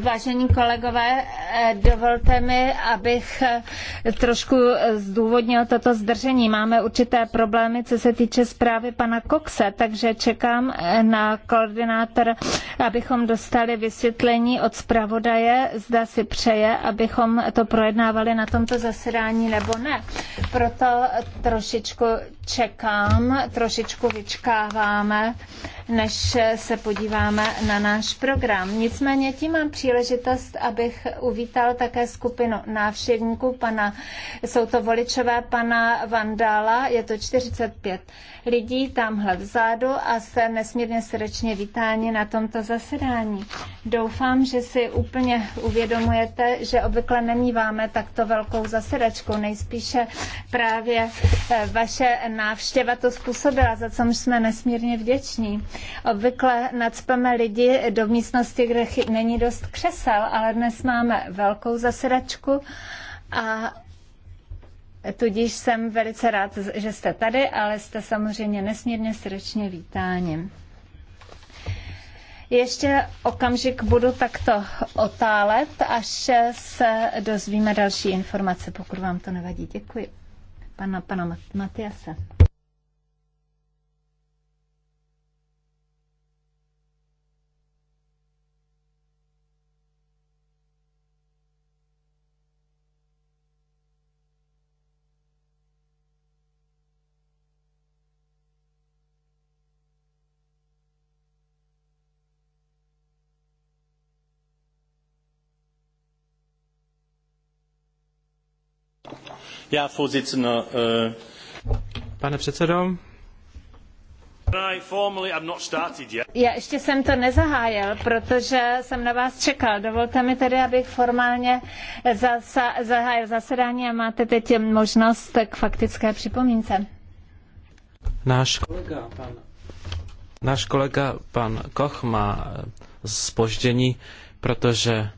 Vážení kolegové, eh, dovolte mi, abych eh, trošku zdůvodnil toto zdržení. Máme určité problémy, co se týče zprávy pana Coxe, takže čekám eh, na koordinátor, abychom dostali vysvětlení od zpravodaje, zda si přeje, abychom to projednávali na tomto zasedání nebo ne. Proto trošičku čekám, trošičku vyčkáváme, než se podíváme na náš program. Nicméně tím mám příležitost, abych uvítal také skupinu návštěvníků pana, jsou to voličové pana Vandala, je to 45 lidí tamhle vzadu a jste nesmírně srdečně vítáni na tomto zasedání. Doufám, že si úplně uvědomujete, že obvykle nemýváme takto velkou zasedačku, nejspíše právě eh, vaše návštěva to způsobila, za co jsme nesmírně vděční. Obvykle nadspeme lidi do do místnosti, kde není dost křesel, ale dnes máme velkou zasedačku a tudíž jsem velice rád, že jste tady, ale jste samozřejmě nesmírně srdečně vítáni. Ještě okamžik budu takto otálet, až se dozvíme další informace, pokud vám to nevadí. Děkuji. Pana, pana Matiase. Äh, Pane předsedající já ještě jsem to nezahájil, protože jsem na vás čekal. Dovolte mi tedy, abych formálně zahájil zasedání a máte teď možnost k faktické připomínce. Náš kolega, pan, náš kolega, pan Koch má eh, zpoždění, protože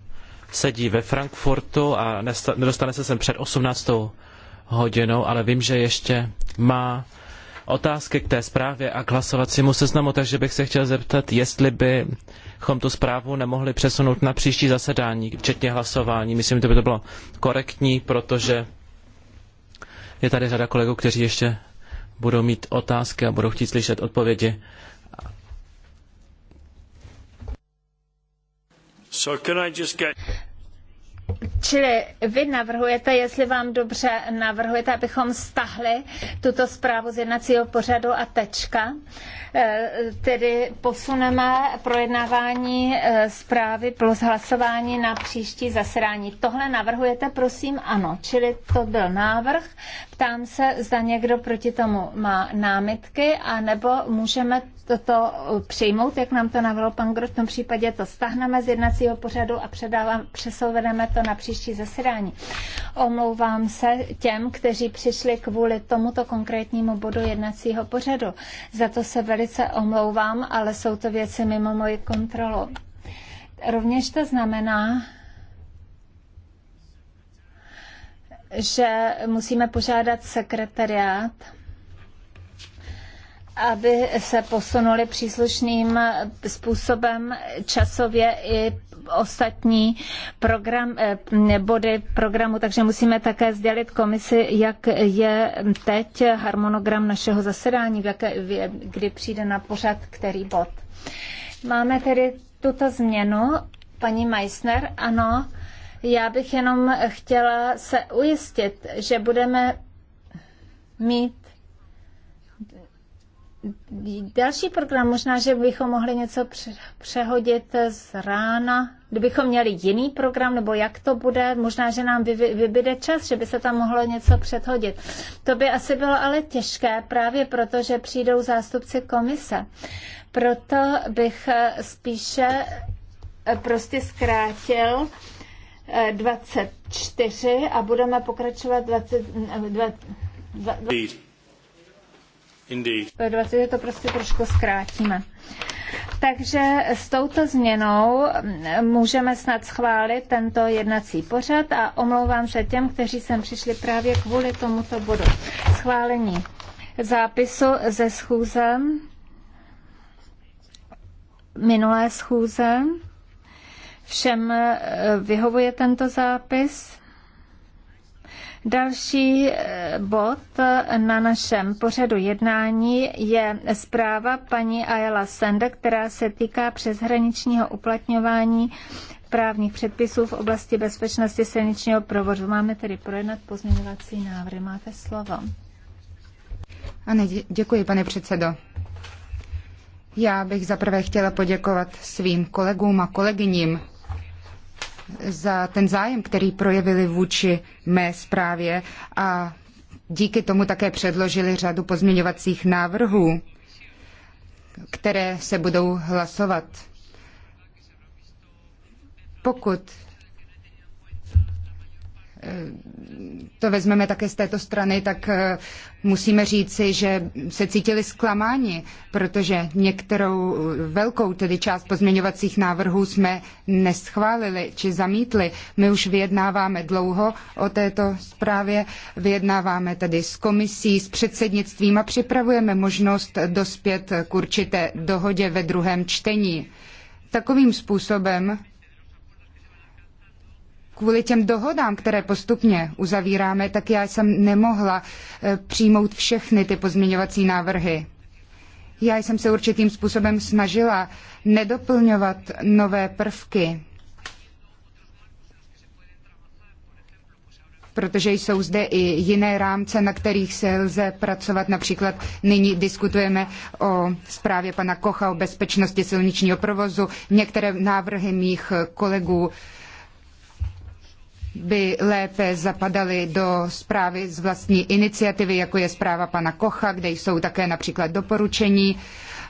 sedí ve Frankfurtu a nedostane se sem před 18 hodinou, ale vím, že ještě má otázky k té zprávě a k hlasovacímu seznamu, takže bych se chtěl zeptat, jestli bychom tu zprávu nemohli přesunout na příští zasedání, včetně hlasování. Myslím, že by to bylo korektní, protože je tady řada kolegů, kteří ještě budou mít otázky a budou chtít slyšet odpovědi. So get... Čili vy navrhujete, jestli vám dobře navrhujete, abychom stahli tuto zprávu z jednacího pořadu a tečka. Eh, tedy posuneme projednávání eh, zprávy plus hlasování na příští zasedání. Tohle navrhujete, prosím, ano. Čili to byl návrh. Ptám se, zda někdo proti tomu má námitky, anebo můžeme toto přijmout, jak nám to navrhl pan Grot. V tom případě to stáhneme z jednacího pořadu a předávám, přesouvedeme to na příští zasedání. Omlouvám se těm, kteří přišli kvůli tomuto konkrétnímu bodu jednacího pořadu. Za to se velice omlouvám, ale jsou to věci mimo moji kontrolu. Rovněž to znamená, že musíme požádat sekretariát, aby se posunuli příslušným způsobem časově i ostatní program, eh, body programu, takže musíme také sdělit komisi, jak je teď harmonogram našeho zasedání, kdy přijde na pořad který bod. Máme tedy tuto změnu. Paní Meissner, ano, já bych jenom chtěla se ujistit, že budeme mít další program. Možná, že bychom mohli něco přehodit z rána, kdybychom měli jiný program, nebo jak to bude. Možná, že nám vybude čas, že by se tam mohlo něco předhodit. To by asi bylo ale těžké, právě proto, že přijdou zástupci komise. Proto bych eh, spíše eh, prostě zkrátil 24 a budeme pokračovat 20, 20, 20 Indeed. to prostě trošku zkrátíme. Takže s touto změnou můžeme snad schválit tento jednací pořad a omlouvám se těm, kteří sem přišli právě kvůli tomuto bodu. Schválení zápisu ze schůze, minulé schůze. Všem eh, vyhovuje tento zápis? Další eh, bod eh, na našem pořadu jednání je zpráva paní Ayala Sende, která se týká přeshraničního uplatňování právních předpisů v oblasti bezpečnosti silničního provozu. Máme tedy projednat pozměňovací návrhy. Máte slovo. Ano, děkuji, pane předsedo. Já bych zaprvé chtěla poděkovat svým kolegům a kolegyním, za ten zájem, který projevili vůči mé zprávě a díky tomu také předložili řadu pozměňovacích návrhů, které se budou hlasovat. Pokud Eh, to vezmeme také z této strany, tak eh, musíme říci, že se cítili zklamáni, protože některou eh, velkou tedy část pozměňovacích návrhů jsme neschválili či zamítli. My už vyjednáváme dlouho o této zprávě, vyjednáváme tedy s komisí, s předsednictvím a připravujeme možnost dospět k určité dohodě ve druhém čtení. Takovým způsobem kvůli těm dohodám, které postupně uzavíráme, tak já jsem nemohla eh, přijmout všechny ty pozměňovací návrhy. Já jsem se určitým způsobem snažila nedoplňovat nové prvky, protože jsou zde i jiné rámce, na kterých se lze pracovat. Například nyní diskutujeme o zprávě pana Kocha o bezpečnosti silničního provozu. Některé návrhy mých kolegů by lépe zapadaly do zprávy z vlastní iniciativy, jako je zpráva pana Kocha, kde jsou také například doporučení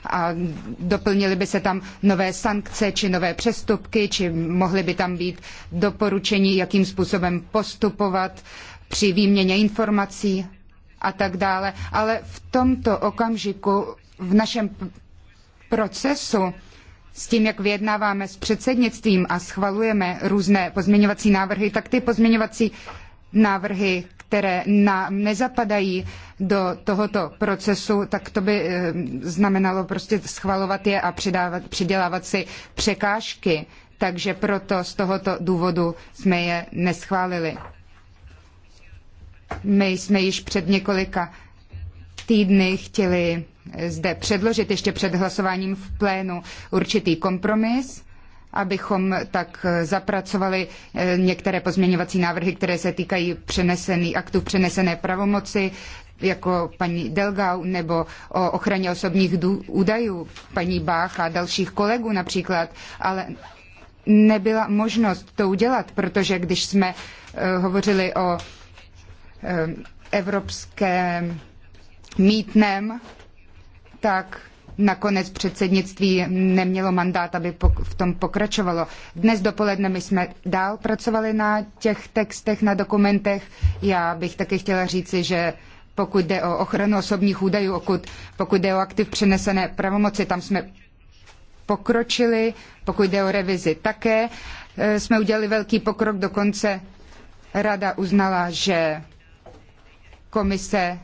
a doplnily by se tam nové sankce či nové přestupky, či mohly by tam být doporučení, jakým způsobem postupovat při výměně informací a tak dále. Ale v tomto okamžiku v našem procesu s tím, jak vyjednáváme s předsednictvím a schvalujeme různé pozměňovací návrhy, tak ty pozměňovací návrhy, které nezapadají do tohoto procesu, tak to by eh, znamenalo prostě schvalovat je a předávat přidělávat si překážky. Takže proto z tohoto důvodu jsme je neschválili. My jsme již před několika týdny chtěli zde předložit ještě před hlasováním v plénu určitý kompromis, abychom tak zapracovali eh, některé pozměňovací návrhy, které se týkají přenesený, aktů přenesené pravomoci, jako paní Delgau nebo o ochraně osobních údajů paní Bách a dalších kolegů například, ale nebyla možnost to udělat, protože když jsme uh, hovořili o uh, evropském mítném, tak nakonec předsednictví nemělo mandát, aby v tom pokračovalo. Dnes dopoledne my jsme dál pracovali na těch textech, na dokumentech. Já bych také chtěla říci, že pokud jde o ochranu osobních údajů, pokud jde o aktiv přenesené pravomoci, tam jsme pokročili, pokud jde o revizi také. E, jsme udělali velký pokrok, dokonce rada uznala, že komise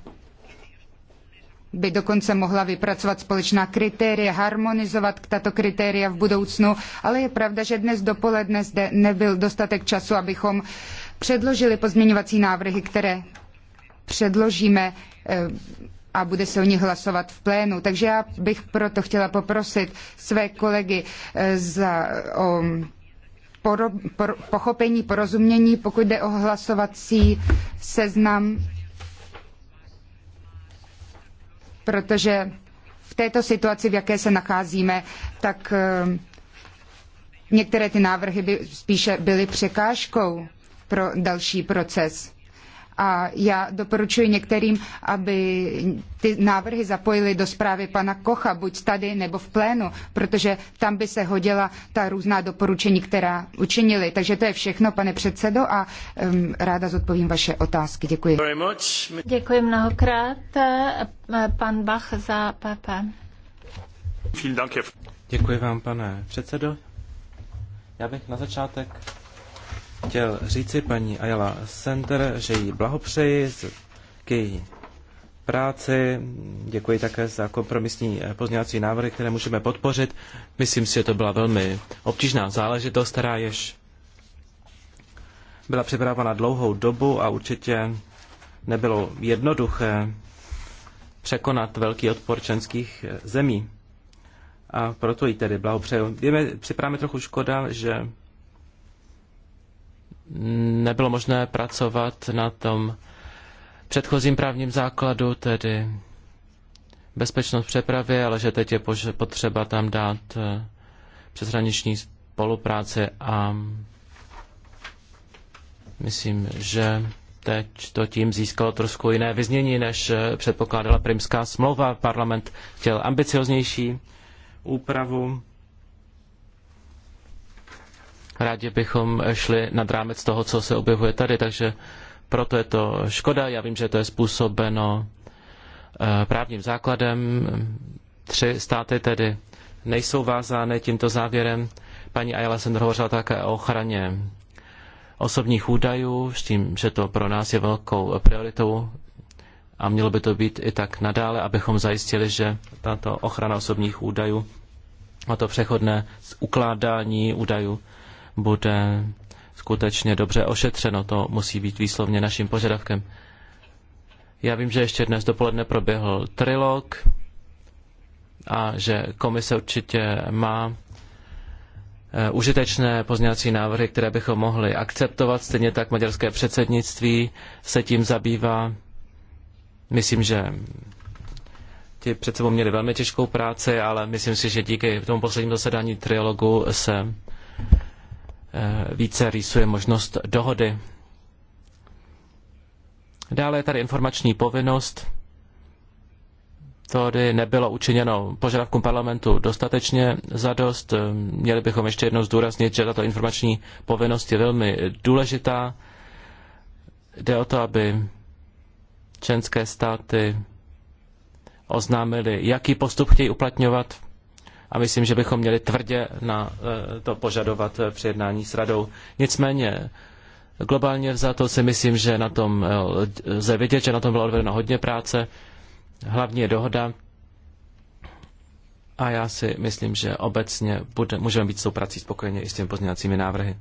by dokonce mohla vypracovat společná kritéria, harmonizovat tato kritéria v budoucnu, ale je pravda, že dnes dopoledne zde nebyl dostatek času, abychom předložili pozměňovací návrhy, které předložíme eh, a bude se o nich hlasovat v plénu. Takže já bych proto chtěla poprosit své kolegy eh, za, o poro, por, pochopení, porozumění, pokud jde o hlasovací seznam protože v této situaci, v jaké se nacházíme, tak eh, některé ty návrhy by spíše byly překážkou pro další proces a já doporučuji některým, aby ty návrhy zapojili do zprávy pana Kocha, buď tady nebo v plénu, protože tam by se hodila ta různá doporučení, která učinili. Takže to je všechno, pane předsedo, a um, ráda zodpovím vaše otázky. Děkuji. Děkuji mnohokrát, eh, pan Bach za PP. Děkuji vám, pane předsedo. Já bych na začátek chtěl říci paní Ayala Center, že jí blahopřeji k její práci. Děkuji také za kompromisní eh, pozměňovací návrhy, které můžeme podpořit. Myslím si, že to byla velmi obtížná záležitost, která jež byla připravena dlouhou dobu a určitě nebylo jednoduché překonat velký odpor členských eh, zemí. A proto jí tedy blahopřeju. Je mi připravíme trochu škoda, že nebylo možné pracovat na tom předchozím právním základu, tedy bezpečnost přepravy, ale že teď je potřeba tam dát eh, přeshraniční spolupráci a myslím, že teď to tím získalo trošku jiné vyznění, než eh, předpokládala primská smlouva. Parlament chtěl ambicioznější úpravu rádi bychom šli nad rámec toho, co se objevuje tady, takže proto je to škoda. Já vím, že to je způsobeno eh, právním základem. Tři státy tedy nejsou vázány tímto závěrem. Paní Ayala jsem hovořila také o ochraně osobních údajů, s tím, že to pro nás je velkou prioritou a mělo by to být i tak nadále, abychom zajistili, že tato ochrana osobních údajů a to přechodné ukládání údajů bude skutečně dobře ošetřeno. To musí být výslovně naším požadavkem. Já vím, že ještě dnes dopoledne proběhl trilog a že komise určitě má eh, užitečné pozměňovací návrhy, které bychom mohli akceptovat. Stejně tak maďarské předsednictví se tím zabývá. Myslím, že ti před sebou měli velmi těžkou práci, ale myslím si, že díky tomu poslednímu zasedání trilogu se Eh, více rýsuje možnost dohody. Dále je tady informační povinnost. To nebylo učiněno požadavkům parlamentu dostatečně zadost. Eh, měli bychom ještě jednou zdůraznit, že tato informační povinnost je velmi důležitá. Jde o to, aby členské státy oznámili, jaký postup chtějí uplatňovat a myslím, že bychom měli tvrdě na eh, to požadovat eh, při jednání s radou. Nicméně globálně vzato si myslím, že na tom eh, lze vidět, že na tom bylo odvedeno hodně práce. Hlavní je dohoda a já si myslím, že obecně bude, můžeme být s spokojeně prací spokojeni i s těmi pozměňovacími návrhy.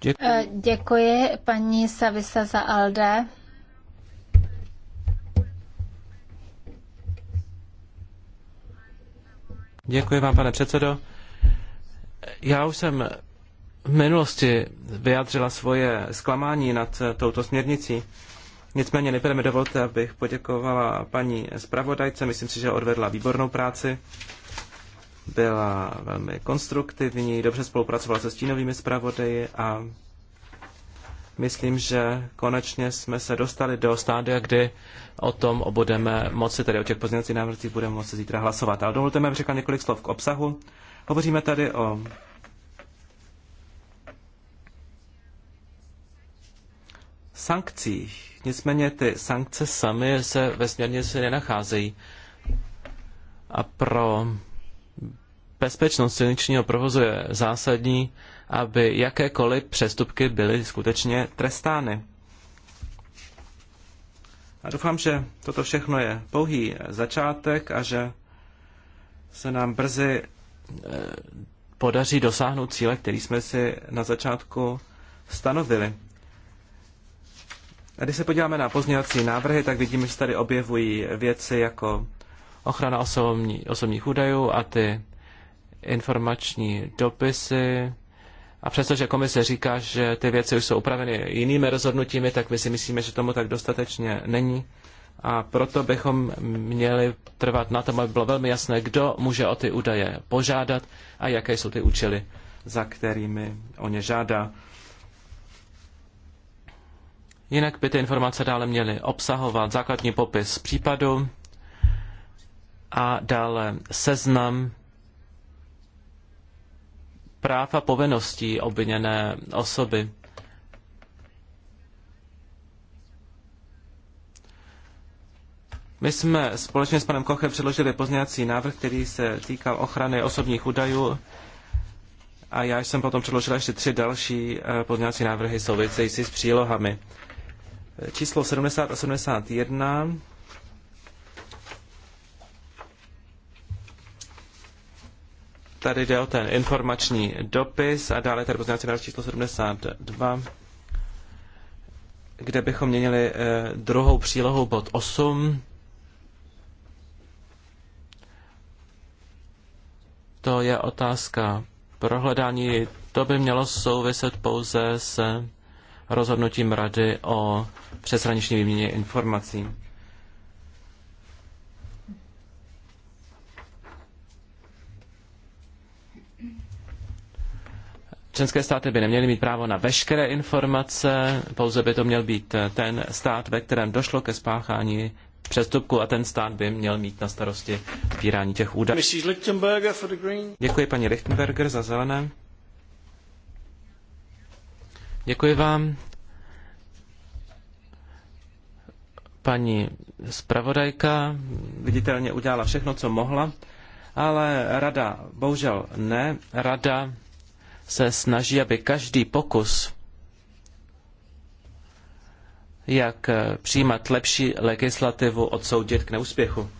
Děkuji. Děkuji paní Savisa za Alde. Děkuji vám, pane předsedo. Já už jsem v minulosti vyjádřila svoje zklamání nad touto směrnicí. Nicméně nejprve mi dovolte, abych poděkovala paní zpravodajce. Myslím si, že odvedla výbornou práci. Byla velmi konstruktivní, dobře spolupracovala se stínovými zpravodaji a Myslím, že konečně jsme se dostali do stádia, kdy o tom budeme moci, tedy o těch pozměňovacích návrzích budeme moci zítra hlasovat. Ale dovolte mi, abych řekl několik slov k obsahu. Hovoříme tady o sankcích. Nicméně ty sankce samy se ve směrnici nenacházejí. A pro bezpečnost silničního provozu je zásadní, aby jakékoliv přestupky byly skutečně trestány. A doufám, že toto všechno je pouhý začátek a že se nám brzy eh, podaří dosáhnout cíle, který jsme si na začátku stanovili. A když se podíváme na pozměňovací návrhy, tak vidíme, že se tady objevují věci jako ochrana osobní, osobních údajů a ty informační dopisy, a přestože komise říká, že ty věci už jsou upraveny jinými rozhodnutími, tak my si myslíme, že tomu tak dostatečně není. A proto bychom měli trvat na tom, aby bylo velmi jasné, kdo může o ty údaje požádat a jaké jsou ty účely, za kterými o ně žádá. Jinak by ty informace dále měly obsahovat základní popis případu a dále seznam práv a povinností obviněné osoby. My jsme společně s panem Kochem předložili pozměňovací návrh, který se týkal ochrany osobních údajů a já jsem potom předložila ještě tři další eh, pozměňovací návrhy související s přílohami. Číslo 70 a 71 Tady jde o ten informační dopis a dále tady poznávací návrh číslo 72, kde bychom měnili eh, druhou přílohu bod 8. To je otázka prohledání. To by mělo souviset pouze s rozhodnutím rady o přeshraniční výměně informací. Členské státy by neměly mít právo na veškeré informace, pouze by to měl být ten stát, ve kterém došlo ke spáchání přestupku a ten stát by měl mít na starosti sbírání těch údajů. Děkuji paní Lichtenberger za zelené. Děkuji vám. Paní zpravodajka viditelně udělala všechno, co mohla, ale rada bohužel ne. Rada se snaží, aby každý pokus, jak přijímat lepší legislativu, odsoudit k neúspěchu.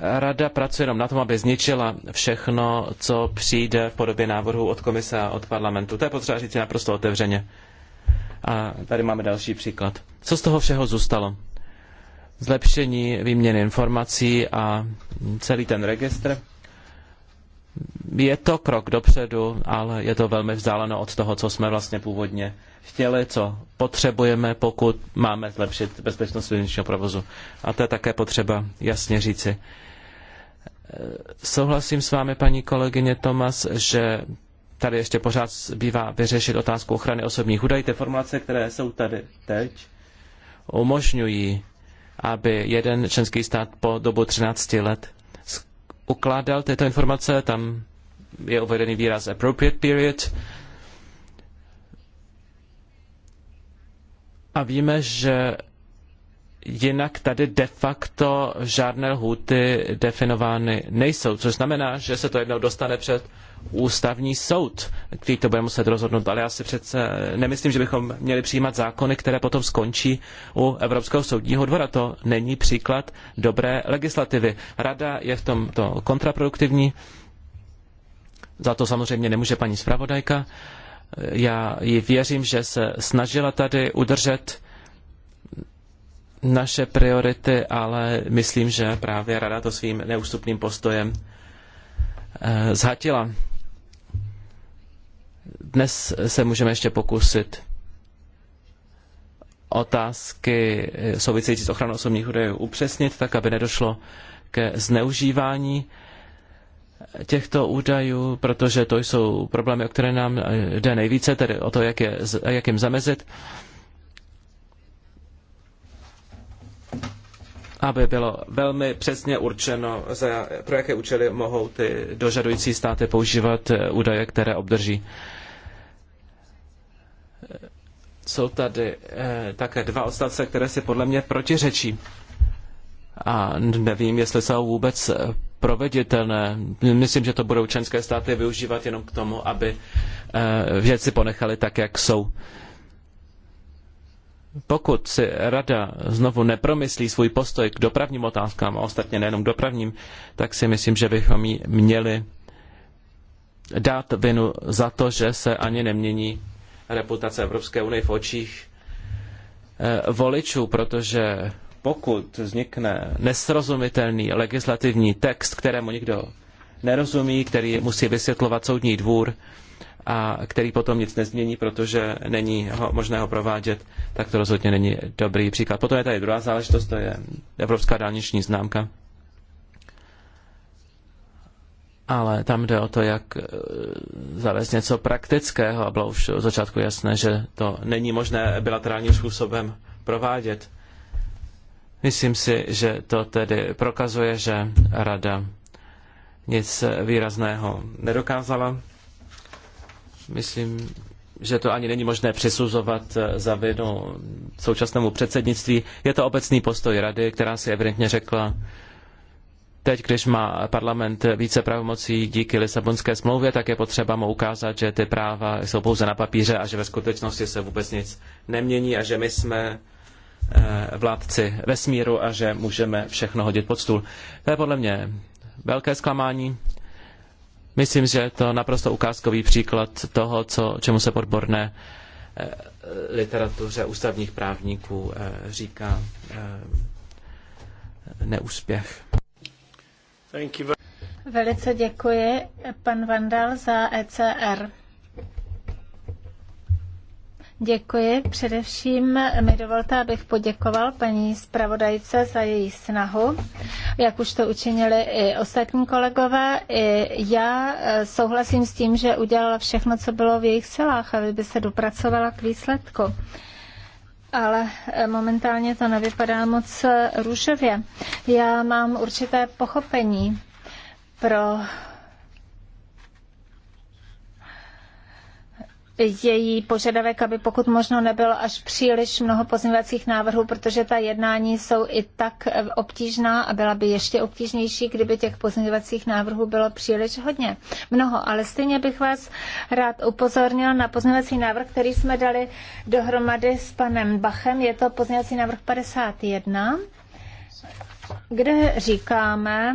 Rada pracuje jenom na tom, aby zničila všechno, co přijde v podobě návrhu od komise a od parlamentu. To je potřeba říct naprosto otevřeně. A tady máme další příklad. Co z toho všeho zůstalo? Zlepšení výměny informací a celý ten registr je to krok dopředu, ale je to velmi vzdáleno od toho, co jsme vlastně původně chtěli, co potřebujeme, pokud máme zlepšit bezpečnost silničního provozu. A to je také potřeba jasně říci. Souhlasím s vámi, paní kolegyně Tomas, že tady ještě pořád zbývá vyřešit otázku ochrany osobních údajů. Ty formulace, které jsou tady teď, umožňují, aby jeden členský stát po dobu 13 let ukládal tyto informace, tam je uvedený výraz appropriate period. A víme, že jinak tady de facto žádné lhuty definovány nejsou, což znamená, že se to jednou dostane před ústavní soud, který to bude muset rozhodnout. Ale já si přece nemyslím, že bychom měli přijímat zákony, které potom skončí u Evropského soudního dvora. To není příklad dobré legislativy. Rada je v tomto kontraproduktivní. Za to samozřejmě nemůže paní zpravodajka. Já ji věřím, že se snažila tady udržet naše priority, ale myslím, že právě Rada to svým neústupným postojem eh, zhatila. Dnes se můžeme ještě pokusit otázky související s ochranou osobních údajů upřesnit, tak aby nedošlo ke zneužívání těchto údajů, protože to jsou problémy, o které nám eh, jde nejvíce, tedy o to, jak, je, jak jim zamezit. aby bylo velmi přesně určeno, za, pro jaké účely mohou ty dožadující státy používat eh, údaje, které obdrží. Jsou tady eh, také dva odstavce, které si podle mě protiřečí. A nevím, jestli jsou vůbec eh, proveditelné. Myslím, že to budou členské státy využívat jenom k tomu, aby eh, věci ponechali tak, jak jsou. Eh, pokud si rada znovu nepromyslí svůj postoj k dopravním otázkám, a ostatně nejenom dopravním, tak si myslím, že bychom jí měli dát vinu za to, že se ani nemění reputace Evropské unie v očích eh, voličů, protože pokud vznikne nesrozumitelný legislativní text, kterému nikdo nerozumí, který musí vysvětlovat soudní dvůr, a který potom nic nezmění, protože není ho, možné ho provádět, tak to rozhodně není dobrý příklad. Potom je tady druhá záležitost, to je Evropská dálniční známka. Ale tam jde o to, jak eh, zavést něco praktického a bylo už od začátku jasné, že to není možné bilaterálním způsobem provádět. Myslím si, že to tedy prokazuje, že rada nic výrazného nedokázala Myslím, že to ani není možné přisuzovat eh, za vinu současnému předsednictví. Je to obecný postoj rady, která si evidentně řekla, teď, když má parlament více pravomocí díky Lisabonské smlouvě, tak je potřeba mu ukázat, že ty práva jsou pouze na papíře a že ve skutečnosti se vůbec nic nemění a že my jsme eh, vládci vesmíru a že můžeme všechno hodit pod stůl. To je podle mě velké zklamání. Myslím, že je to naprosto ukázkový příklad toho, co, čemu se podborné eh, literatuře ústavních právníků eh, říká eh, neúspěch. Velice děkuji, pan Vandal, za ECR. Děkuji. Především mi dovolte, abych poděkoval paní zpravodajce za její snahu. Jak už to učinili i ostatní kolegové, i já eh, souhlasím s tím, že udělala všechno, co bylo v jejich silách, aby by se dopracovala k výsledku ale eh, momentálně to nevypadá moc eh, růžově. Já mám určité pochopení pro její požadavek, aby pokud možno nebylo až příliš mnoho pozměňovacích návrhů, protože ta jednání jsou i tak eh, obtížná a byla by ještě obtížnější, kdyby těch pozměňovacích návrhů bylo příliš hodně. Mnoho, ale stejně bych vás rád upozornil na pozměňovací návrh, který jsme dali dohromady s panem Bachem. Je to pozměňovací návrh 51, kde říkáme,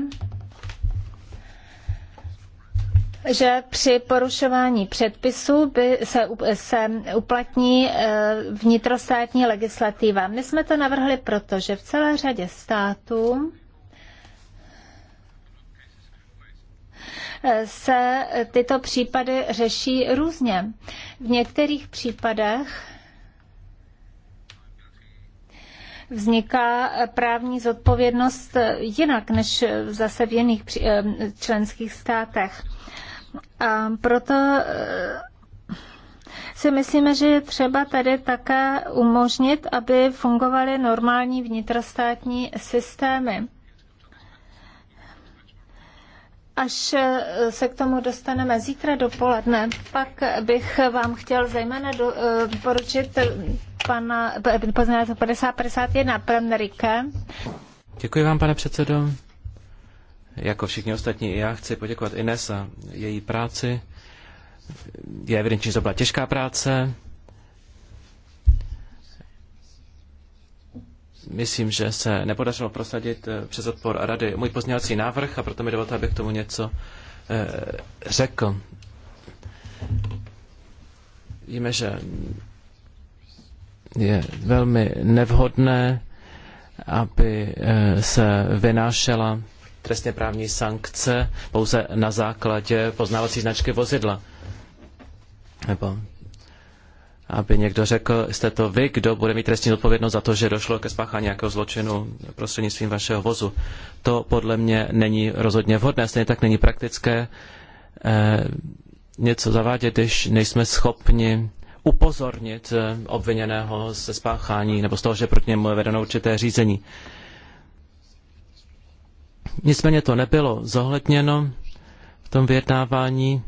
že při porušování předpisů by se, se uplatní eh, vnitrostátní legislativa. My jsme to navrhli proto, že v celé řadě států eh, se tyto případy řeší různě. V některých případech vzniká právní zodpovědnost jinak než zase v jiných eh, členských státech. A proto e, si myslíme, že je třeba tady také umožnit, aby fungovaly normální vnitrostátní systémy. Až e, se k tomu dostaneme zítra dopoledne, pak bych vám chtěl zejména do, e, poručit pana poznat 5051 Premnerike. Děkuji vám, pane předsedo. Jako všichni ostatní i já chci poděkovat Ines a její práci. Je evidentní, že to byla těžká práce. Myslím, že se nepodařilo prosadit eh, přes odpor a rady můj pozměňovací návrh a proto mi dovolte, abych k tomu něco eh, řekl. Víme, že je velmi nevhodné, aby eh, se vynášela trestně právní sankce pouze na základě poznávací značky vozidla. Nebo aby někdo řekl, jste to vy, kdo bude mít trestní odpovědnost za to, že došlo ke spáchání nějakého zločinu prostřednictvím vašeho vozu. To podle mě není rozhodně vhodné, stejně tak není praktické eh, něco zavádět, když nejsme schopni upozornit eh, obviněného ze spáchání nebo z toho, že proti němu je vedeno určité řízení. Eh, Nicméně to nebylo zohledněno v tom vyjednávání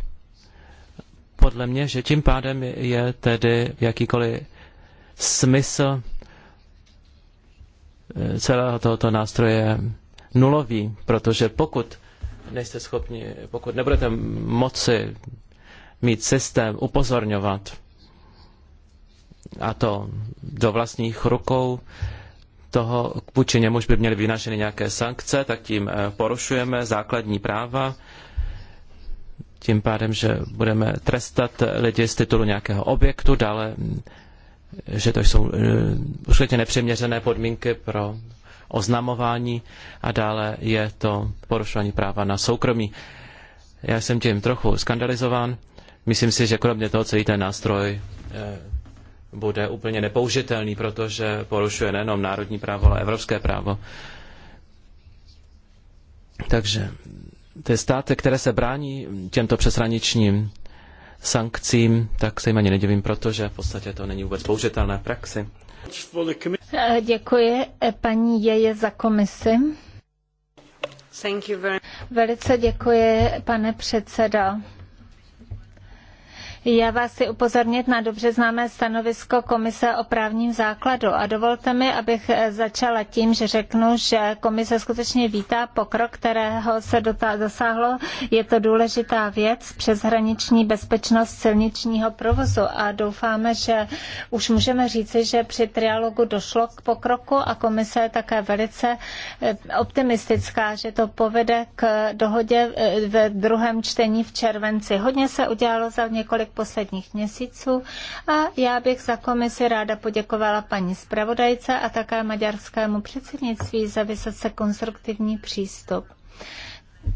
podle mě, že tím pádem je tedy jakýkoliv smysl eh, celého tohoto nástroje nulový, protože pokud nejste schopni, pokud nebudete moci mít systém upozorňovat a to do vlastních rukou, toho, vůči němuž by měly vynaženy nějaké sankce, tak tím eh, porušujeme základní práva, tím pádem, že budeme trestat eh, lidi z titulu nějakého objektu, dále, hm, že to jsou eh, určitě nepřiměřené podmínky pro oznamování a dále je to porušování práva na soukromí. Já jsem tím trochu skandalizován. Myslím si, že kromě toho celý ten nástroj bude úplně nepoužitelný, protože porušuje nejenom národní právo, ale evropské právo. Takže ty státy, které se brání těmto přeshraničním sankcím, tak se jim ani nedivím, protože v podstatě to není vůbec použitelné v praxi. Děkuji eh, paní Jeje za komisi. Velice děkuji, pane předsedo. Já vás chci upozornit na dobře známé stanovisko Komise o právním základu a dovolte mi, abych eh, začala tím, že řeknu, že Komise skutečně vítá pokrok, kterého se dosáhlo. Je to důležitá věc přeshraniční bezpečnost silničního provozu a doufáme, že už můžeme říci, že při trialogu došlo k pokroku a Komise je také velice eh, optimistická, že to povede k dohodě eh, ve druhém čtení v červenci. Hodně se udělalo za několik posledních měsíců a já bych za komisi ráda poděkovala paní zpravodajce a také maďarskému předsednictví za vysoce konstruktivní přístup.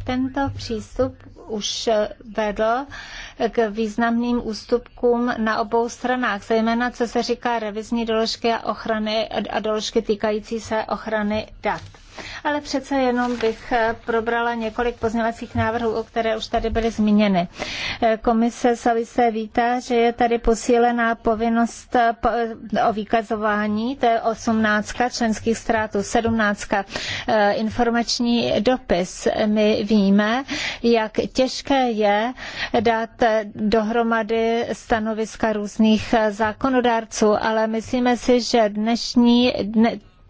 Tento přístup už vedl k významným ústupkům na obou stranách, zejména co se říká revizní doložky a, ochrany, a doložky týkající se ochrany dat ale přece jenom bych eh, probrala několik pozměňovacích návrhů, o které už tady byly zmíněny. Eh, komise se vítá, že je tady posílená povinnost eh, o vykazování, to je 18 členských ztrátů, 17 informační dopis. My víme, jak těžké je dát dohromady stanoviska různých zákonodárců, ale myslíme si, že dnešní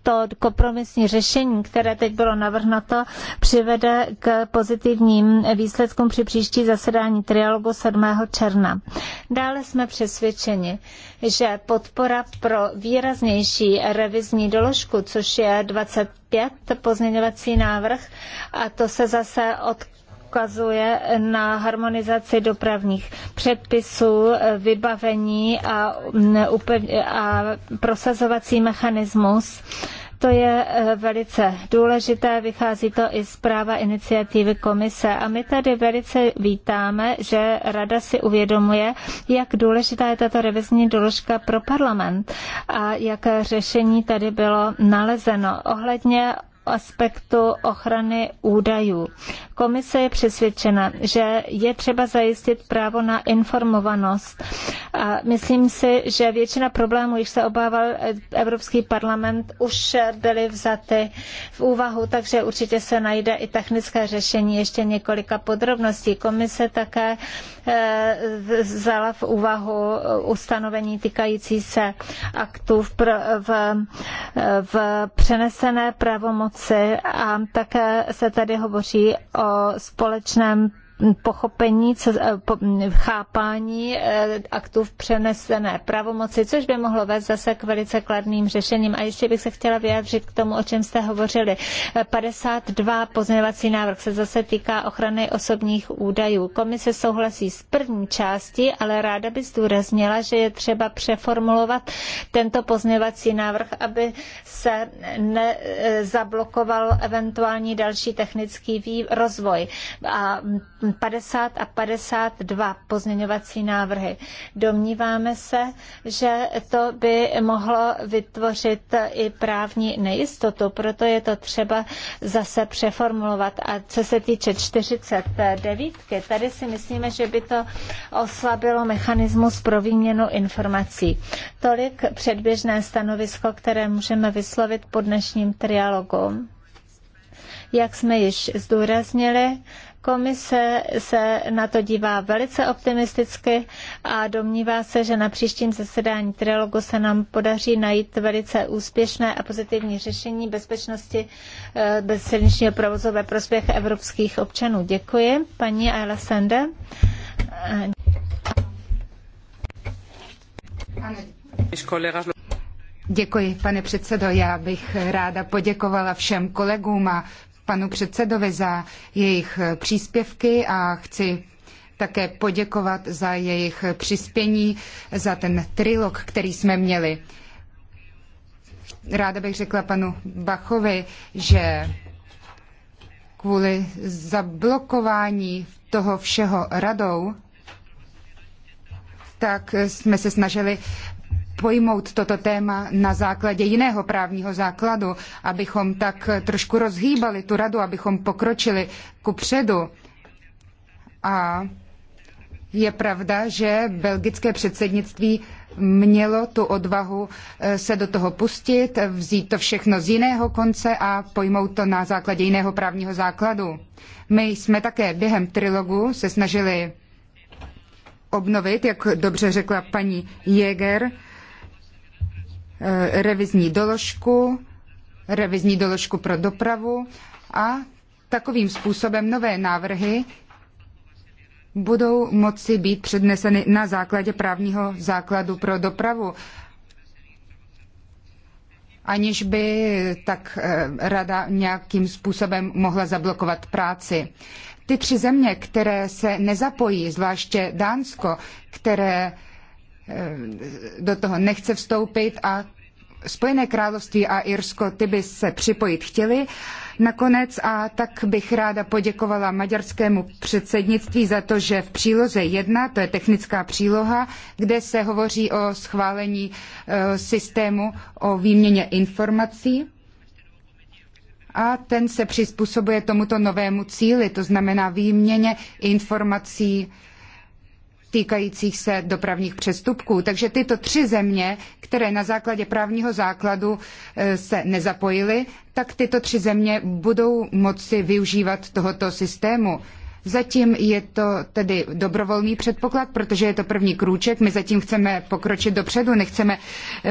to kompromisní řešení, které teď bylo navrhnuto, přivede k pozitivním výsledkům při příští zasedání trialogu 7. června. Dále jsme přesvědčeni, že podpora pro výraznější revizní doložku, což je 25 pozměňovací návrh, a to se zase od poukazuje na harmonizaci dopravních předpisů, vybavení a, mm, a prosazovací mechanismus to je eh, velice důležité, vychází to i z práva iniciativy komise. A my tady velice vítáme, že Rada si uvědomuje, jak důležitá je tato revizní doložka pro parlament a jaké řešení tady bylo nalezeno. Ohledně aspektu ochrany údajů. Komise je přesvědčena, že je třeba zajistit právo na informovanost. A myslím si, že většina problémů, již se obával Evropský parlament, už byly vzaty v úvahu, takže určitě se najde i technické řešení ještě několika podrobností. Komise také eh, vzala v úvahu ustanovení týkající se aktů v, v, eh, v přenesené pravomoci pomoci a také se tady hovoří o společném pochopení, co, eh, chápání eh, aktů v přenesené pravomoci, což by mohlo vést zase k velice kladným řešením. A ještě bych se chtěla vyjádřit k tomu, o čem jste hovořili. 52 eh, pozměňovací návrh se zase týká ochrany osobních údajů. Komise souhlasí s první částí, ale ráda by zdůraznila, že je třeba přeformulovat tento pozměňovací návrh, aby se nezablokoval eventuální další technický rozvoj. A mm, 50 a 52 pozměňovací návrhy. Domníváme se, že to by mohlo vytvořit i právní nejistotu, proto je to třeba zase přeformulovat. A co se týče 49, tady si myslíme, že by to oslabilo mechanismus pro výměnu informací. Tolik předběžné stanovisko, které můžeme vyslovit po dnešním trialogu. Jak jsme již zdůraznili, Komise se na to dívá velice optimisticky a domnívá se, že na příštím zasedání trialogu se nám podaří najít velice úspěšné a pozitivní řešení bezpečnosti eh, bez silničního provozu ve prospěch evropských občanů. Děkuji. Paní Ayla Sende. Děkuji, pane předsedo. Já bych ráda poděkovala všem kolegům a panu předsedovi za jejich příspěvky a chci také poděkovat za jejich přispění, za ten trilog, který jsme měli. Ráda bych řekla panu Bachovi, že kvůli zablokování toho všeho radou, tak jsme se snažili pojmout toto téma na základě jiného právního základu, abychom tak trošku rozhýbali tu radu, abychom pokročili ku předu. A je pravda, že belgické předsednictví mělo tu odvahu eh, se do toho pustit, vzít to všechno z jiného konce a pojmout to na základě jiného právního základu. My jsme také během trilogu se snažili obnovit, jak dobře řekla paní Jäger, Eh, revizní doložku, revizní doložku pro dopravu a takovým způsobem nové návrhy budou moci být předneseny na základě právního základu pro dopravu, aniž by tak eh, rada nějakým způsobem mohla zablokovat práci. Ty tři země, které se nezapojí, zvláště Dánsko, které Eh, do toho nechce vstoupit a Spojené království a Irsko, ty by se připojit chtěli. Nakonec a tak bych ráda poděkovala maďarskému předsednictví za to, že v příloze 1, to je technická příloha, kde se hovoří o schválení eh, systému o výměně informací, a ten se přizpůsobuje tomuto novému cíli, to znamená výměně informací týkajících se dopravních přestupků. Takže tyto tři země, které na základě právního základu e, se nezapojily, tak tyto tři země budou moci využívat tohoto systému. Zatím je to tedy dobrovolný předpoklad, protože je to první krůček. My zatím chceme pokročit dopředu, nechceme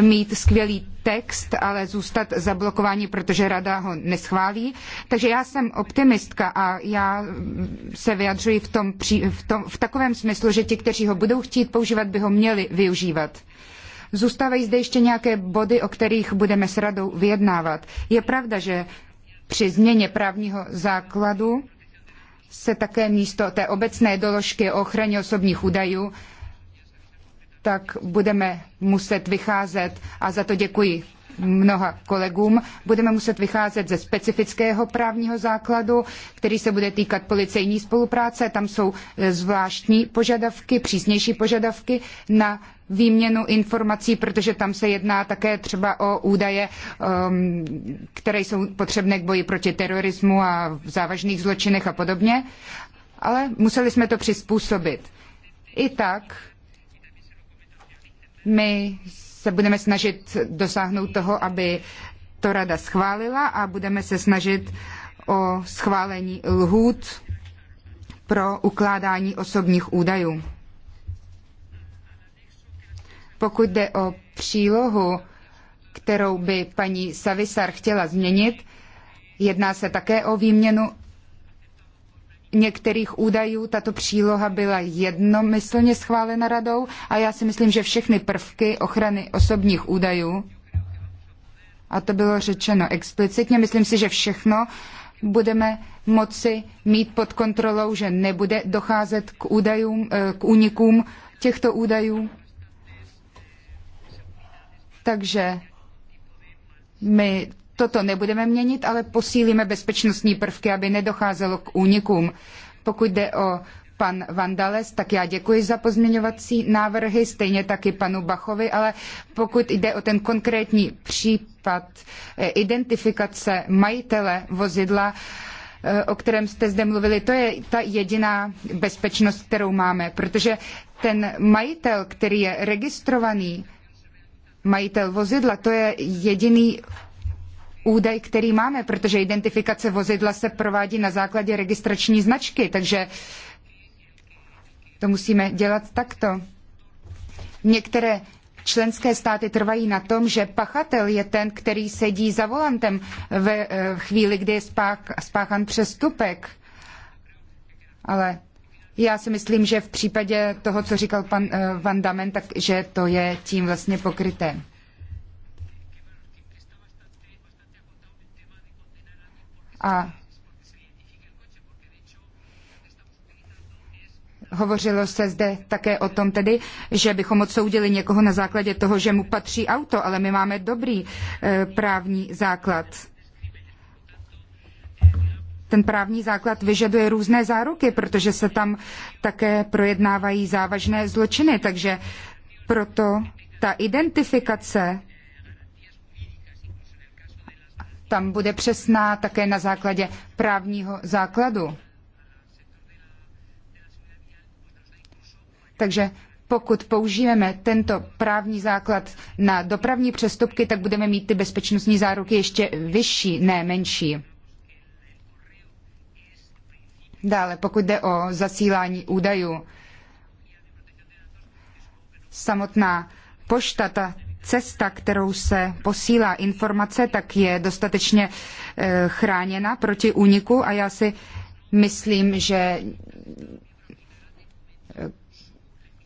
mít skvělý text, ale zůstat zablokováni, protože rada ho neschválí. Takže já jsem optimistka a já se vyjadřuji v, tom, v, tom, v takovém smyslu, že ti, kteří ho budou chtít používat, by ho měli využívat. Zůstávají zde ještě nějaké body, o kterých budeme s radou vyjednávat. Je pravda, že při změně právního základu se také místo té obecné doložky o ochraně osobních údajů, tak budeme muset vycházet, a za to děkuji mnoha kolegům, budeme muset vycházet ze specifického právního základu, který se bude týkat policejní spolupráce. Tam jsou e, zvláštní požadavky, přísnější požadavky na výměnu informací, protože tam se jedná také třeba o údaje, um, které jsou potřebné k boji proti terorismu a závažných zločinech a podobně. Ale museli jsme to přizpůsobit. I tak my se budeme snažit dosáhnout toho, aby to rada schválila a budeme se snažit o schválení lhůt pro ukládání osobních údajů. Pokud jde o přílohu, kterou by paní Savisar chtěla změnit, jedná se také o výměnu některých údajů. Tato příloha byla jednomyslně schválena radou a já si myslím, že všechny prvky ochrany osobních údajů, a to bylo řečeno explicitně, myslím si, že všechno budeme moci mít pod kontrolou, že nebude docházet k údajům, eh, k únikům těchto údajů. Takže my toto nebudeme měnit, ale posílíme bezpečnostní prvky, aby nedocházelo k únikům. Pokud jde o pan Vandales, tak já děkuji za pozměňovací návrhy, stejně taky panu Bachovi, ale pokud jde o ten konkrétní případ eh, identifikace majitele vozidla, eh, o kterém jste zde mluvili, to je ta jediná bezpečnost, kterou máme, protože ten majitel, který je registrovaný majitel vozidla. To je jediný údaj, který máme, protože identifikace vozidla se provádí na základě registrační značky, takže to musíme dělat takto. Některé členské státy trvají na tom, že pachatel je ten, který sedí za volantem ve eh, chvíli, kdy je spách, spáchan přestupek. Ale já si myslím, že v případě toho, co říkal pan eh, Van Damen, tak že to je tím vlastně pokryté. A hovořilo se zde také o tom tedy, že bychom odsoudili někoho na základě toho, že mu patří auto, ale my máme dobrý e, právní základ ten právní základ vyžaduje různé záruky, protože se tam také projednávají závažné zločiny, takže proto ta identifikace tam bude přesná také na základě právního základu. Takže pokud použijeme tento právní základ na dopravní přestupky, tak budeme mít ty bezpečnostní záruky ještě vyšší, ne menší. Dále, pokud jde o zasílání údajů, samotná pošta, ta cesta, kterou se posílá informace, tak je dostatečně eh, chráněna proti úniku a já si myslím, že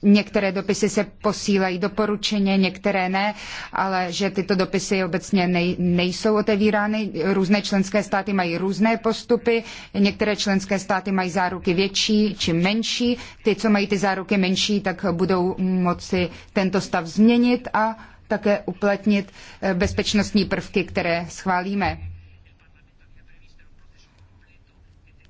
některé dopisy se posílají doporučeně, některé ne, ale že tyto dopisy obecně nej, nejsou otevírány. Různé členské státy mají různé postupy, některé členské státy mají záruky větší či menší. Ty, co mají ty záruky menší, tak budou moci tento stav změnit a také uplatnit eh, bezpečnostní prvky, které schválíme.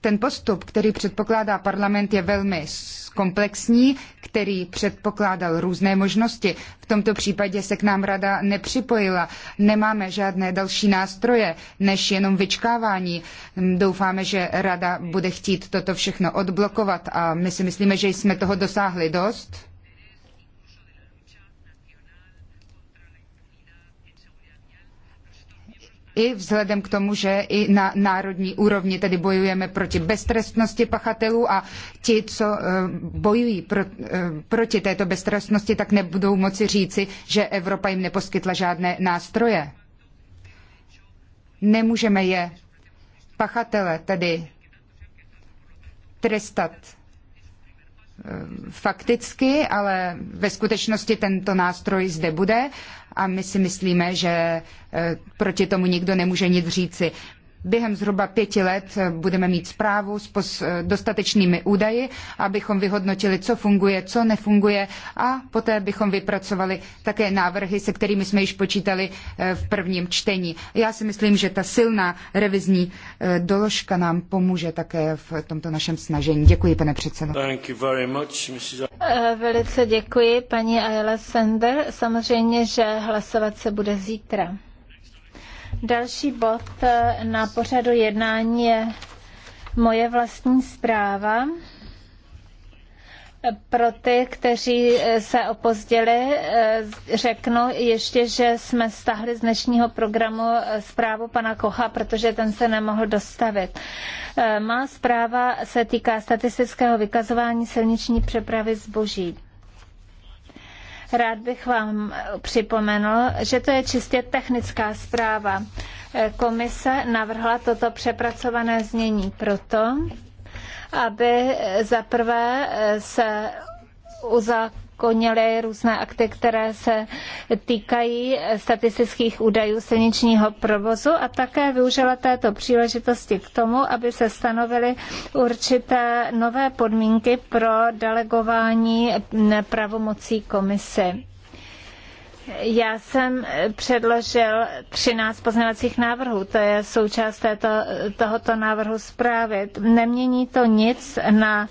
Ten postup, který předpokládá parlament, je velmi komplexní, který předpokládal různé možnosti. V tomto případě se k nám rada nepřipojila. Nemáme žádné další nástroje, než jenom vyčkávání. Mm, doufáme, že rada bude chtít toto všechno odblokovat a my si myslíme, že jsme toho dosáhli dost. i vzhledem k tomu, že i na národní úrovni tedy bojujeme proti beztrestnosti pachatelů a ti, co eh, bojují pro, eh, proti této beztrestnosti, tak nebudou moci říci, že Evropa jim neposkytla žádné nástroje. Nemůžeme je pachatele tedy trestat eh, fakticky, ale ve skutečnosti tento nástroj zde bude a my si myslíme, že eh, proti tomu nikdo nemůže nic říci. Během zhruba pěti let budeme mít zprávu s eh, dostatečnými údaji, abychom vyhodnotili, co funguje, co nefunguje a poté bychom vypracovali také návrhy, se kterými jsme již počítali eh, v prvním čtení. Já si myslím, že ta silná revizní eh, doložka nám pomůže také v tomto našem snažení. Děkuji, pane předsedo. Velice děkuji, paní Ayala Sender. Samozřejmě, že hlasovat se bude zítra. Další bod eh, na pořadu jednání je moje vlastní zpráva. Pro ty, kteří eh, se opozdili, eh, řeknu ještě, že jsme stáhli z dnešního programu zprávu pana Kocha, protože ten se nemohl dostavit. Má zpráva se týká statistického vykazování silniční přepravy zboží. Rád bych vám připomenul, že to je čistě technická zpráva. Komise navrhla toto přepracované znění proto, aby zaprvé se uzak koněly, různé akty, které se týkají statistických údajů silničního provozu a také využila této příležitosti k tomu, aby se stanovily určité nové podmínky pro delegování pravomocí komisy. Já jsem předložil 13 pozměňovacích návrhů, to je součást této, tohoto návrhu zprávy. Nemění to nic na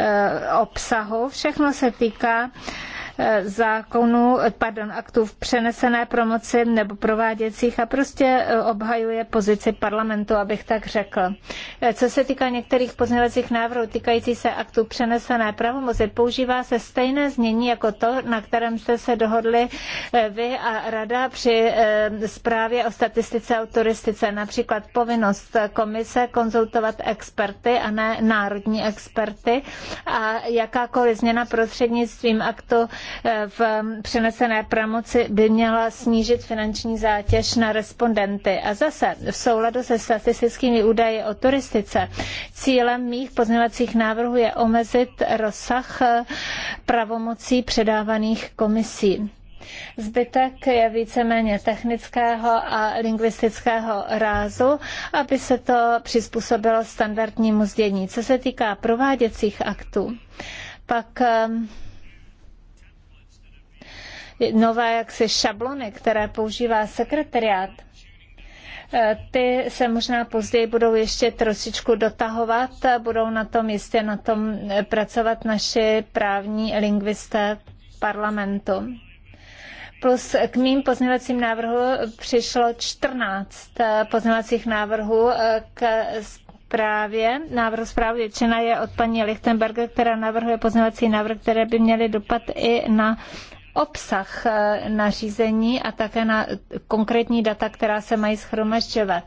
Eh, obsahu. Všechno se týká Eh, zákonů, pardon, aktů v přenesené promoci nebo prováděcích a prostě eh, obhajuje pozici parlamentu, abych tak řekl. Eh, co se týká některých pozměňovacích návrhů týkající se aktů přenesené pravomoci, používá se stejné znění jako to, na kterém jste se dohodli vy a rada při zprávě o statistice a o turistice, například povinnost komise konzultovat experty a ne národní experty a jakákoliv změna prostřednictvím aktu Eh, v přenesené pramoci by měla snížit finanční zátěž na respondenty. A zase v souladu se statistickými údaji o turistice cílem mých pozměňovacích návrhů je omezit rozsah eh, pravomocí předávaných komisí. Zbytek je víceméně technického a lingvistického rázu, aby se to přizpůsobilo standardnímu zdění. Co se týká prováděcích aktů, pak ehm, nové jaksi šablony, které používá sekretariát, eh, ty se možná později budou ještě trošičku dotahovat, budou na tom jistě na tom eh, pracovat naši právní lingvisté parlamentu. Plus k mým pozměvacím návrhu přišlo 14 eh, pozměvacích návrhů k právě návrhu zprávy většina je od paní Lichtenberger, která navrhuje pozměňovací návrh, které by měly dopad i na obsah eh, nařízení a také na konkrétní data, která se mají schromažďovat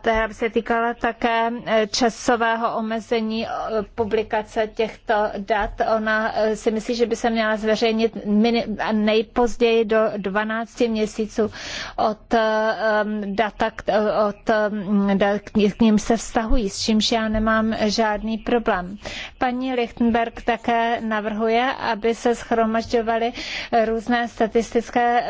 která by se týkala také e, časového omezení e, publikace těchto dat. Ona e, si myslí, že by se měla zveřejnit nejpozději do 12 měsíců od data, od, k ním se vztahují, s čímž já nemám žádný problém. Paní Lichtenberg také navrhuje, aby se schromažďovaly různé statistické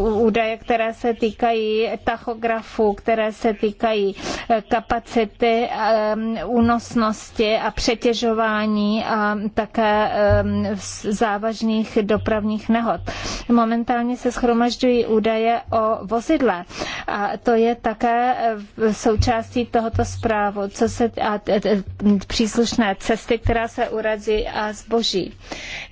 údaje, které se týkají tachografů, které se se týkají eh, kapacity, eh, únosnosti a přetěžování a také eh, závažných dopravních nehod. Momentálně se schromažďují údaje o vozidle a to je také součástí tohoto zprávu, co se a, příslušné cesty, která se urazí a zboží.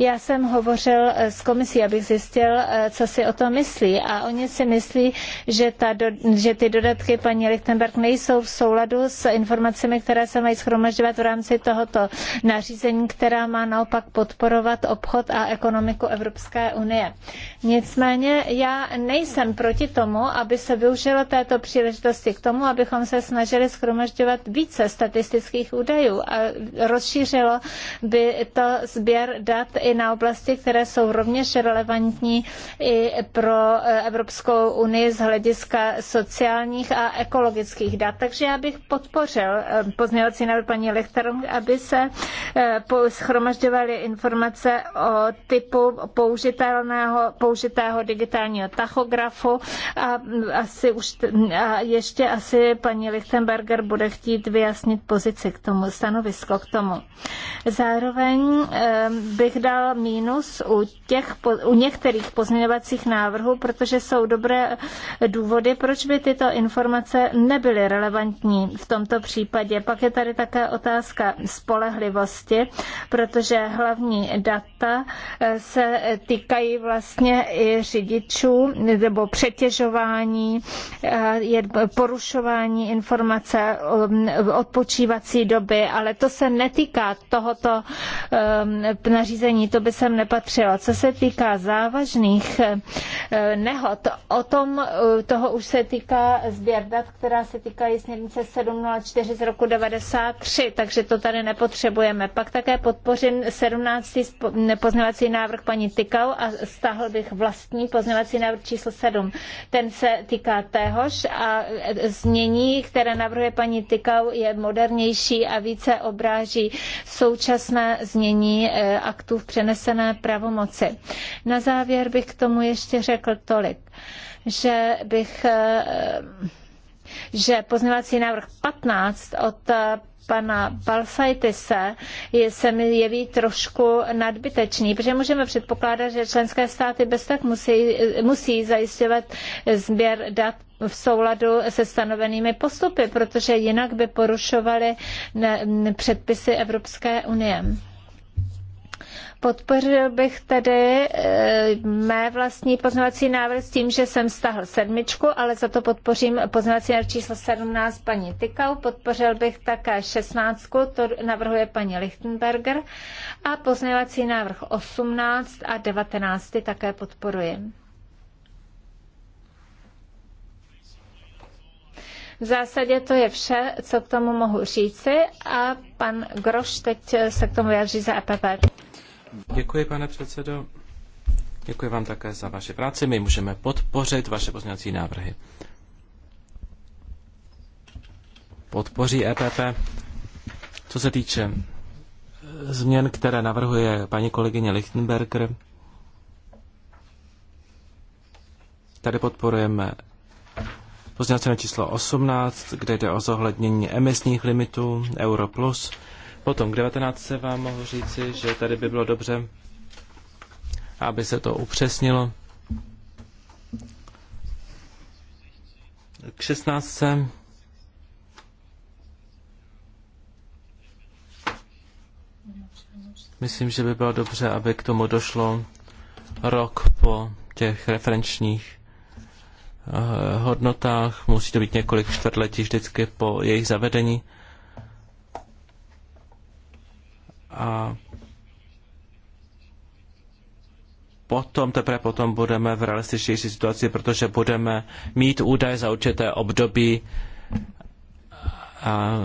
Já jsem hovořil s komisí, abych zjistil, co si o tom myslí a oni si myslí, že, ta, že ty dodatky paní paní Lichtenberg, nejsou v souladu s informacemi, které se mají schromažďovat v rámci tohoto nařízení, která má naopak podporovat obchod a ekonomiku Evropské unie. Nicméně já nejsem proti tomu, aby se využilo této příležitosti k tomu, abychom se snažili schromažďovat více statistických údajů a rozšířilo by to sběr dat i na oblasti, které jsou rovněž relevantní i pro Evropskou unii z hlediska sociálních a ekonomických ekologických dat. Takže já bych podpořil eh, pozměňovací návrh paní Lechter, aby se eh, schromažďovaly informace o typu použitelného, použitého digitálního tachografu a mm, asi už mm, a ještě asi paní Lichtenberger bude chtít vyjasnit pozici k tomu, stanovisko k tomu. Zároveň eh, bych dal mínus u, těch, u některých pozměňovacích návrhů, protože jsou dobré důvody, proč by tyto informace nebyly relevantní v tomto případě. Pak je tady také otázka spolehlivosti, protože hlavní data eh, se týkají vlastně i řidičů nebo přetěžování, eh, porušování informace, um, odpočívací doby, ale to se netýká tohoto eh, nařízení, to by sem nepatřilo. Co se týká závažných nehod, o tom toho už se týká sběr dat, která se týkají směrnice 704 z roku 93, takže to tady nepotřebujeme. Pak také podpořím 17. pozměvací návrh paní Tykal a stáhl bych vlastní pozměvací návrh číslo 7. Ten se týká téhož a znění, které navrhuje paní Tykal, je modernější a více obráží současné znění eh, aktů v přenesené pravomoci. Na závěr bych k tomu ještě řekl tolik, že bych eh, že pozměňovací návrh 15 od eh, pana Balfajtise je, se mi jeví trošku nadbytečný, protože můžeme předpokládat, že členské státy bez tak musí, eh, musí zajišťovat sběr dat v souladu se stanovenými postupy, protože jinak by porušovaly předpisy Evropské unie. Podpořil bych tedy eh, mé vlastní poznávací návrh s tím, že jsem stahl sedmičku, ale za to podpořím poznávací návrh číslo 17 paní Tykau. Podpořil bych také 16, to navrhuje paní Lichtenberger. A poznávací návrh 18 a 19 také podporuji. V zásadě to je vše, co k tomu mohu říci a pan Groš teď se k tomu vyjádří za EPP. Děkuji, pane předsedo. Děkuji vám také za vaši práci. My můžeme podpořit vaše pozměňovací návrhy. Podpoří EPP. Co se týče eh, změn, které navrhuje paní kolegyně Lichtenberger, tady podporujeme pozměňovací číslo 18, kde jde o zohlednění emisních limitů Euro+, plus, Potom k 19. vám mohu říci, že tady by bylo dobře, aby se to upřesnilo. K 16. Myslím, že by bylo dobře, aby k tomu došlo rok po těch referenčních eh, hodnotách. Musí to být několik čtvrtletí vždycky po jejich zavedení. a potom, teprve potom budeme v realističtější situaci, protože budeme mít údaje za určité období a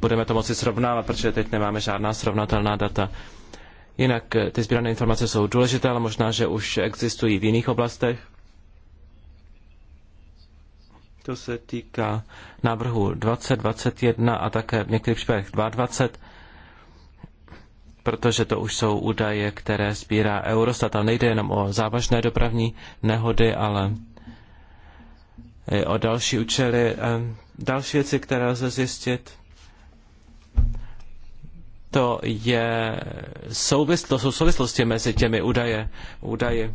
budeme to moci srovnávat, protože teď nemáme žádná srovnatelná data. Jinak eh, ty sbírané informace jsou důležité, ale možná, že už existují v jiných oblastech. To se týká návrhu 2021 a také v některých případech 22 protože to už jsou údaje, které sbírá Eurostat. A nejde jenom o závažné dopravní nehody, ale i o další účely. Další věci, které lze zjistit, to je souvislost, jsou souvislosti mezi těmi údaje, údaje.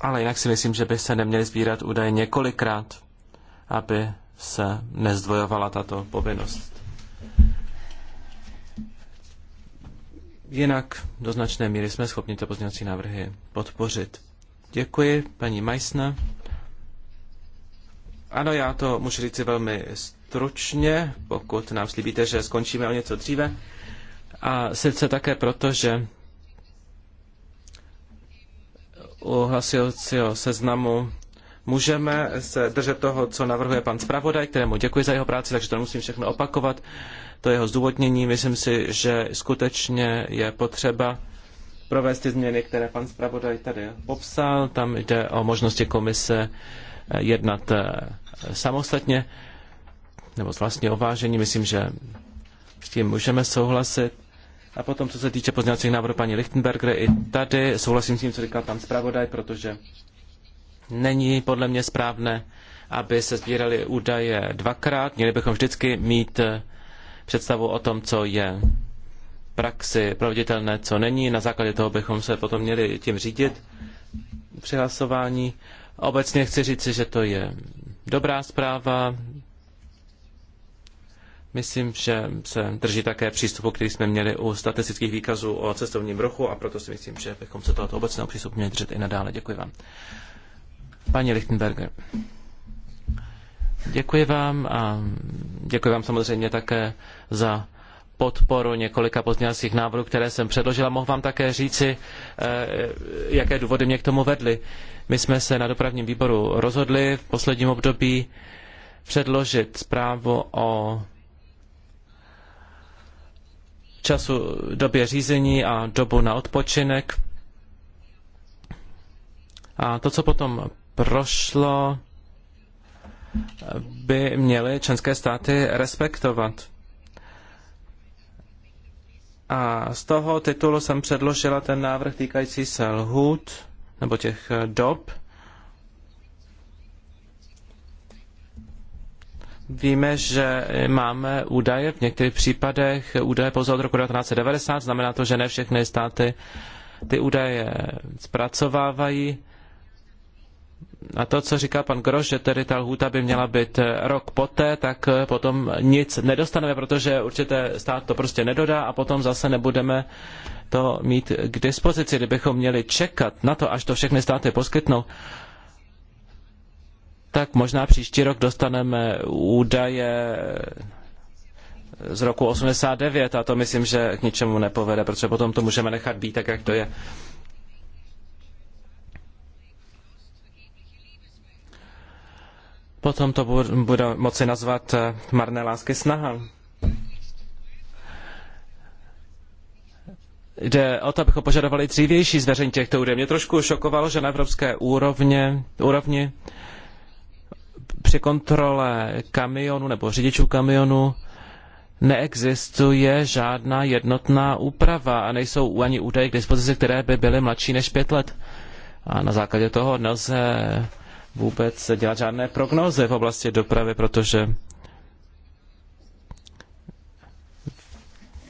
Ale jinak si myslím, že by se neměly sbírat údaje několikrát, aby se nezdvojovala tato povinnost. Jinak do značné míry jsme schopni ty pozměňovací návrhy podpořit. Děkuji, paní Majsna. Ano, já to můžu říci velmi stručně, pokud nám slíbíte, že skončíme o něco dříve. A sice také proto, že u hlasujícího seznamu můžeme se držet toho, co navrhuje pan zpravodaj, kterému děkuji za jeho práci, takže to nemusím všechno opakovat to jeho zdůvodnění. Myslím si, že skutečně je potřeba provést ty změny, které pan zpravodaj tady popsal. Tam jde o možnosti komise eh, jednat eh, samostatně nebo s vlastní ovážení. Myslím, že s tím můžeme souhlasit. A potom, co se týče pozměňovacích návrhů paní Lichtenbergre, i tady souhlasím s tím, co říkal pan zpravodaj, protože není podle mě správné, aby se sbíraly údaje dvakrát. Měli bychom vždycky mít eh, představu o tom, co je praxi proveditelné, co není. Na základě toho bychom se potom měli tím řídit při hlasování. Obecně chci říci, že to je dobrá zpráva. Myslím, že se drží také přístupu, který jsme měli u statistických výkazů o cestovním ruchu a proto si myslím, že bychom se tohoto obecného přístupu měli držet i nadále. Děkuji vám. Paní Lichtenberger. Děkuji vám a děkuji vám samozřejmě také za podporu několika pozměňovacích návrhů, které jsem předložila. Mohu vám také říci, eh, jaké důvody mě k tomu vedly. My jsme se na dopravním výboru rozhodli v posledním období předložit zprávu o času době řízení a dobu na odpočinek. A to, co potom prošlo, by měly členské státy respektovat. A z toho titulu jsem předložila ten návrh týkající se lhůt nebo těch eh, dob. Víme, že máme údaje v některých případech, údaje pouze od roku 1990, znamená to, že ne všechny státy ty údaje zpracovávají a to, co říká pan Groš, že tedy ta lhůta by měla být eh, rok poté, tak eh, potom nic nedostaneme, protože určité stát to prostě nedodá a potom zase nebudeme to mít k dispozici, kdybychom měli čekat na to, až to všechny státy poskytnou tak možná příští rok dostaneme údaje z roku 89 a to myslím, že k ničemu nepovede, protože potom to můžeme nechat být tak, jak to je. Potom to bude moci nazvat eh, marné lásky snaha. Jde o to, abychom požadovali dřívější zveřejnění těchto údajů. Mě trošku šokovalo, že na evropské úrovně, úrovni při kontrole kamionu nebo řidičů kamionu neexistuje žádná jednotná úprava a nejsou ani údaje k dispozici, které by byly mladší než pět let. A na základě toho nelze vůbec dělat žádné prognózy v oblasti dopravy, protože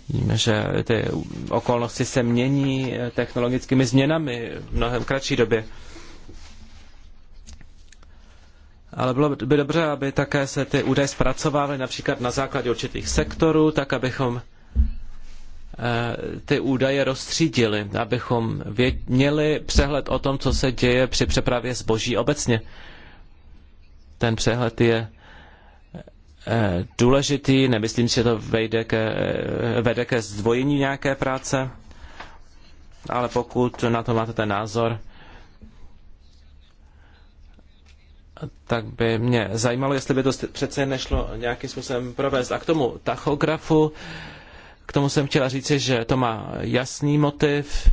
Víme, že ty okolnosti se mění technologickými změnami v mnohem kratší době. Ale bylo by dobře, aby také se ty údaje zpracovávaly například na základě určitých sektorů, tak abychom Eh, ty údaje rozstřídili, abychom měli přehled o tom, co se děje při přepravě zboží obecně. Ten přehled je eh, důležitý, nemyslím si, že to vejde ke, eh, vede ke zdvojení nějaké práce, ale pokud na to máte ten názor, tak by mě zajímalo, jestli by to přece nešlo nějakým způsobem provést. A k tomu tachografu, eh, k tomu jsem chtěla říci, že to má jasný motiv.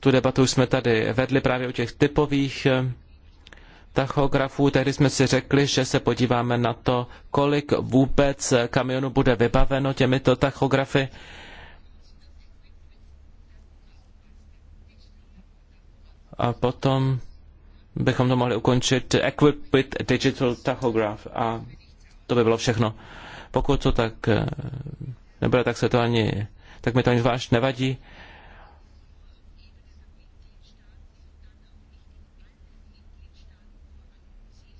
Tu debatu už jsme tady vedli právě u těch typových eh, tachografů. Tehdy jsme si řekli, že se podíváme na to, kolik vůbec eh, kamionů bude vybaveno těmito tachografy. A potom bychom to mohli ukončit Equip with Digital Tachograph a to by bylo všechno. Pokud to tak eh, nebude, tak se to ani, tak mi to ani zvlášť nevadí.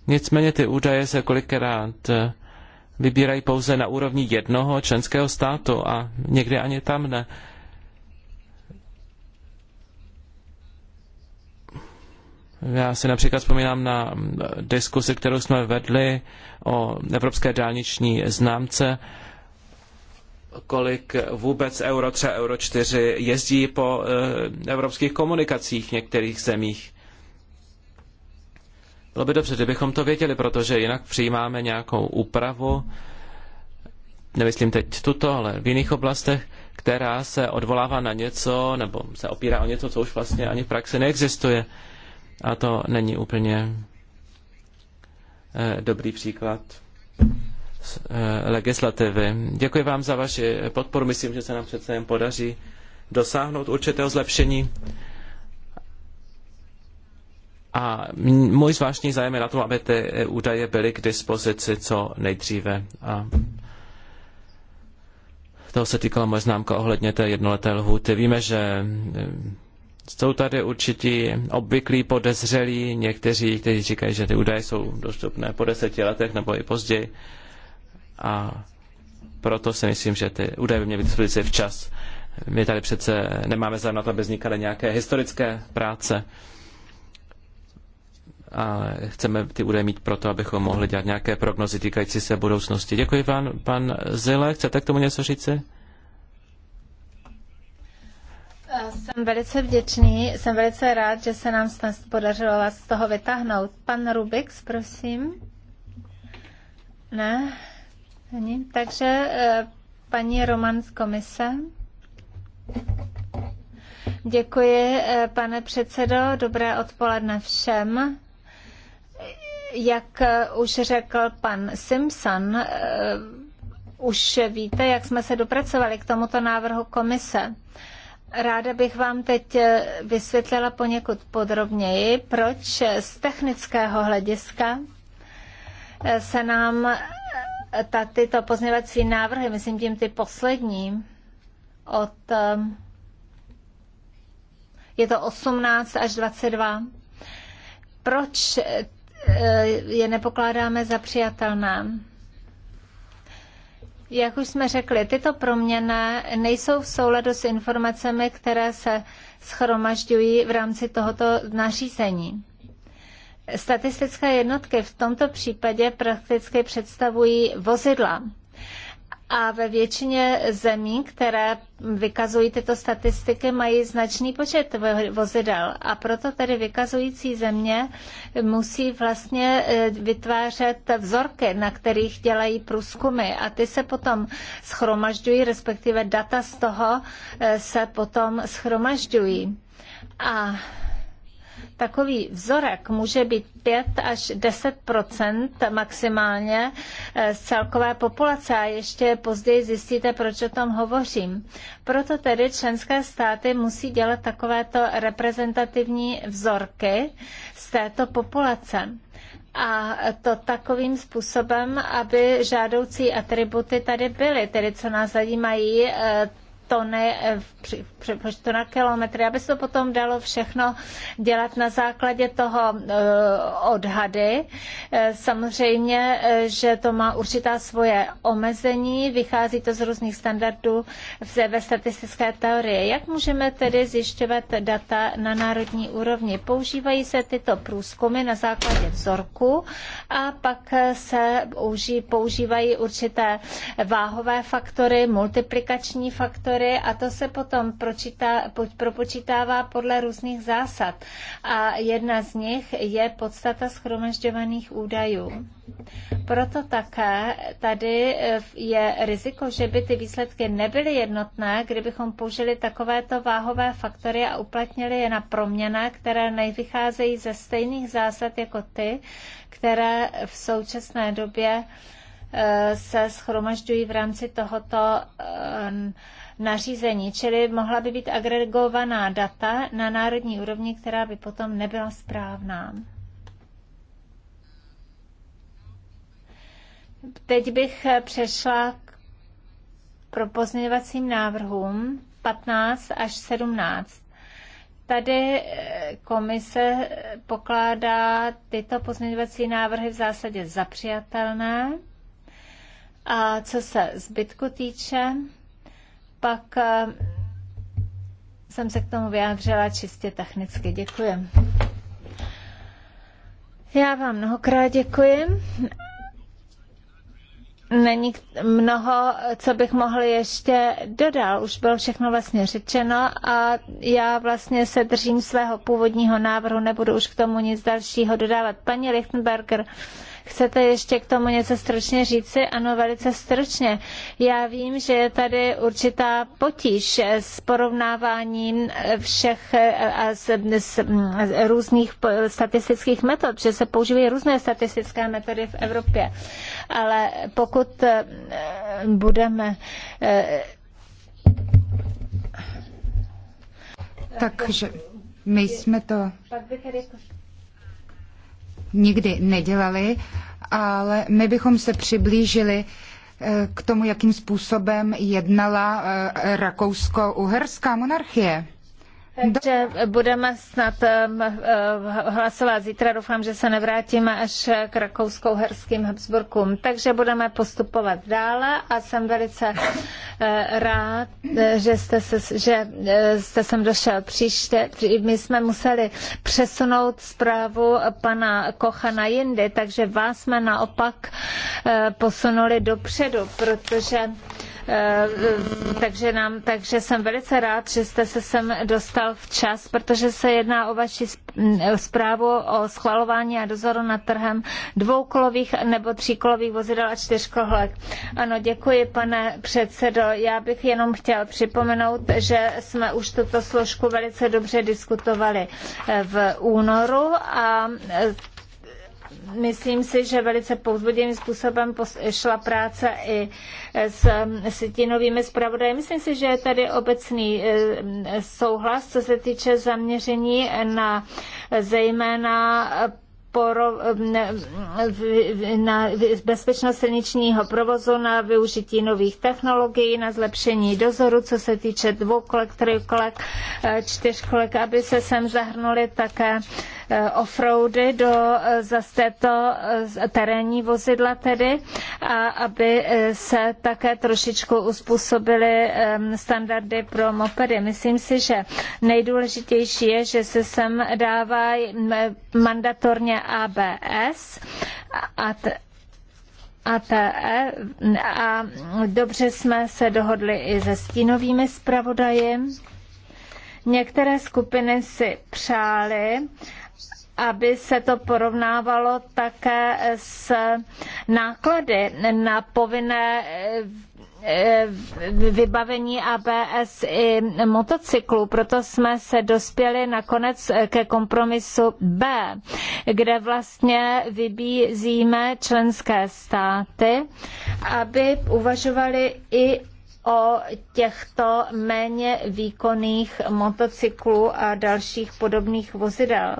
Nicméně ty údaje se kolikrát eh, vybírají pouze na úrovni jednoho členského státu a někdy ani tam ne. Já si například vzpomínám na mm, diskusi, kterou jsme vedli o evropské dálniční známce kolik vůbec Euro 3, Euro 4 jezdí po eh, evropských komunikacích v některých zemích. Bylo by dobře, kdybychom to věděli, protože jinak přijímáme nějakou úpravu, nemyslím teď tuto, ale v jiných oblastech, která se odvolává na něco nebo se opírá o něco, co už vlastně ani v praxi neexistuje. A to není úplně eh, dobrý příklad Eh, legislativy. Děkuji vám za vaši podporu. Myslím, že se nám přece jen podaří dosáhnout určitého zlepšení. A můj zvláštní zájem je na tom, aby ty eh, údaje byly k dispozici co nejdříve. A toho se týkala moje známka ohledně té jednoleté lhuty. Víme, že eh, jsou tady určití obvyklí podezřelí, někteří, kteří říkají, že ty údaje jsou dostupné po deseti letech nebo i později a proto si myslím, že ty údaje by měly být dispozici včas. My tady přece nemáme zájem na to, aby vznikaly nějaké historické práce, ale chceme ty údaje mít proto, abychom mohli dělat nějaké prognozy týkající se budoucnosti. Děkuji vám, pan Zile. Chcete k tomu něco říci? Jsem velice vděčný, jsem velice rád, že se nám podařilo vás z toho vytáhnout. Pan Rubix, prosím. Ne? Takže eh, paní Roman z komise. Děkuji, eh, pane předsedo. Dobré odpoledne všem. Jak eh, už řekl pan Simpson, už víte, jak jsme se dopracovali k tomuto návrhu komise. Ráda bych vám teď vysvětlila poněkud podrobněji, proč z technického hlediska se nám ta, tyto pozměňovací návrhy, myslím tím ty poslední, od, ehm, je to 18 až 22. Proč eh, je nepokládáme za přijatelné? Jak už jsme řekli, tyto proměny nejsou v souladu s informacemi, které se schromažďují v rámci tohoto nařízení. Statistické jednotky v tomto případě prakticky představují vozidla. A ve většině zemí, které vykazují tyto statistiky, mají značný počet vozidel. A proto tedy vykazující země musí vlastně e, vytvářet vzorky, na kterých dělají průzkumy. A ty se potom schromažďují, respektive data z toho e, se potom schromažďují. A Takový vzorek může být 5 až 10 maximálně eh, z celkové populace a ještě později zjistíte, proč o tom hovořím. Proto tedy členské státy musí dělat takovéto reprezentativní vzorky z této populace a to takovým způsobem, aby žádoucí atributy tady byly, tedy co nás zajímají, eh, tony přepočtu na kilometry, aby se to potom dalo všechno dělat na základě toho e, odhady. E, samozřejmě, e, že to má určitá svoje omezení, vychází to z různých standardů ve statistické teorii. Jak můžeme tedy zjišťovat data na národní úrovni? Používají se tyto průzkumy na základě vzorku a pak se používají určité váhové faktory, multiplikační faktory, úvěry a to se potom pročítá, propočítává podle různých zásad. A jedna z nich je podstata schromažďovaných údajů. Proto také tady eh, je riziko, že by ty výsledky nebyly jednotné, kdybychom použili takovéto váhové faktory a uplatnili je na proměna, které nejvycházejí ze stejných zásad jako ty, které v současné době eh, se schromažďují v rámci tohoto eh, nařízení, čili mohla by být agregovaná data na národní úrovni, která by potom nebyla správná. Teď bych přešla k pro pozměňovacím návrhům 15 až 17. Tady eh, komise pokládá tyto pozměňovací návrhy v zásadě za přijatelné. A co se zbytku týče, pak eh, jsem se k tomu vyjádřila čistě technicky. Děkuji. Já vám mnohokrát děkuji. Není mnoho, co bych mohl ještě dodal. Už bylo všechno vlastně řečeno a já vlastně se držím svého původního návrhu, nebudu už k tomu nic dalšího dodávat. Paní Lichtenberger, Chcete ještě k tomu něco stručně říci? Ano, velice stručně. Já vím, že je tady určitá potíž s porovnáváním všech eh, a z, z, z různých statistických metod, že se používají různé statistické metody v Evropě. Ale pokud eh, budeme eh, takže my jsme to nikdy nedělali, ale my bychom se přiblížili eh, k tomu, jakým způsobem jednala eh, rakousko-uherská monarchie. Takže budeme snad um, uh, hlasovat zítra. Doufám, že se nevrátíme až k rakouskou herským Habsburkům. Takže budeme postupovat dále a jsem velice uh, rád, že jste, se, že uh, jste sem došel příště. My jsme museli přesunout zprávu pana Kocha na jindy, takže vás jsme naopak posunuli dopředu, protože Eh, takže, nám, takže jsem velice rád, že jste se sem dostal včas, protože se jedná o vaši mm, zprávu o schvalování a dozoru nad trhem dvoukolových nebo tříkolových vozidel a čtyřkolek. Ano, děkuji, pane předsedo. Já bych jenom chtěl připomenout, že jsme už tuto složku velice dobře diskutovali eh, v únoru a eh, myslím si, že velice povzbudivým způsobem šla práce i eh, s setinovými zpravodaji. Myslím si, že je tady obecný eh, souhlas, co se týče zaměření na eh, zejména poro, na bezpečnost silničního provozu, na využití nových technologií, na zlepšení dozoru, co se týče kolek, trojkolek, čtyřkolek, aby se sem zahrnuli také Eh, offroady do eh, zase této eh, terénní vozidla tedy a aby se také trošičku uspůsobily standardy pro mopedy. Myslím si, že nejdůležitější je, že se sem dává mandatorně ABS a ATE a dobře jsme se dohodli i se stínovými zpravodaji. Některé skupiny si přály aby se to porovnávalo také s náklady na povinné eh, eh, vybavení ABS i motocyklů, proto jsme se dospěli nakonec ke kompromisu B, kde vlastně vybízíme členské státy, aby uvažovali i o těchto méně výkonných motocyklů a dalších podobných vozidel.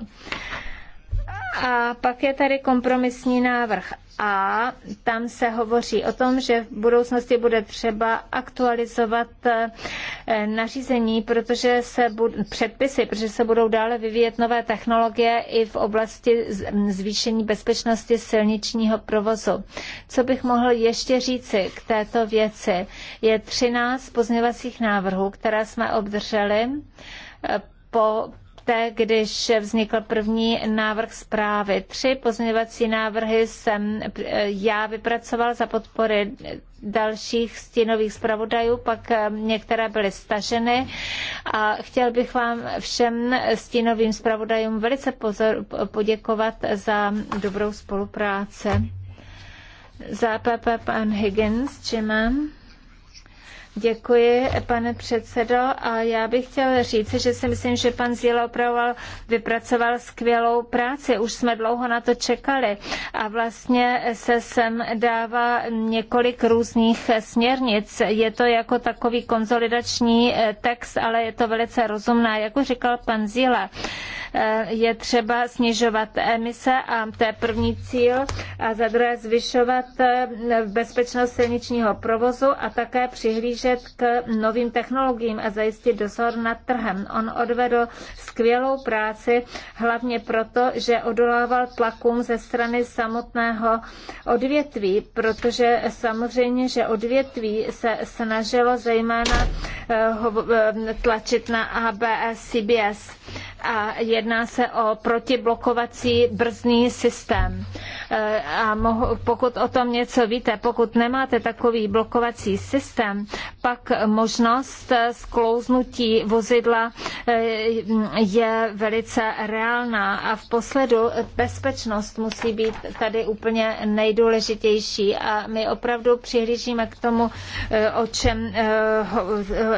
A pak je tady kompromisní návrh A. Tam se hovoří o tom, že v budoucnosti bude třeba aktualizovat eh, nařízení, protože se bud- předpisy, protože se budou dále vyvíjet nové technologie i v oblasti zvýšení bezpečnosti silničního provozu. Co bych mohl ještě říci k této věci? Je 13 pozměvacích návrhů, které jsme obdrželi eh, po poté, když vznikl první návrh zprávy. Tři pozměňovací návrhy jsem eh, já vypracoval za podpory dalších stínových zpravodajů, pak eh, některé byly staženy a chtěl bych vám všem stínovým zpravodajům velice pozor, poděkovat za dobrou spolupráci. Za PP pan Higgins, či mám? Děkuji, pane předsedo. A já bych chtěl říct, že si myslím, že pan Zíla opravoval, vypracoval skvělou práci. Už jsme dlouho na to čekali. A vlastně se sem dává několik různých směrnic. Je to jako takový konzolidační eh, text, ale je to velice rozumná, už jako říkal pan Zíla Eh, je třeba snižovat emise a to je první cíl a za druhé zvyšovat eh, bezpečnost silničního provozu a také přihlížet k novým technologiím a zajistit dozor nad trhem. On odvedl skvělou práci, hlavně proto, že odolával tlakům ze strany samotného odvětví, protože samozřejmě, že odvětví se snažilo zejména eh, tlačit na ABS, CBS a jedná se o protiblokovací brzdný systém. E, a mohu, pokud o tom něco víte, pokud nemáte takový blokovací systém, pak možnost sklouznutí vozidla e, je velice reálná a v posledu bezpečnost musí být tady úplně nejdůležitější a my opravdu přihlížíme k tomu, e, o čem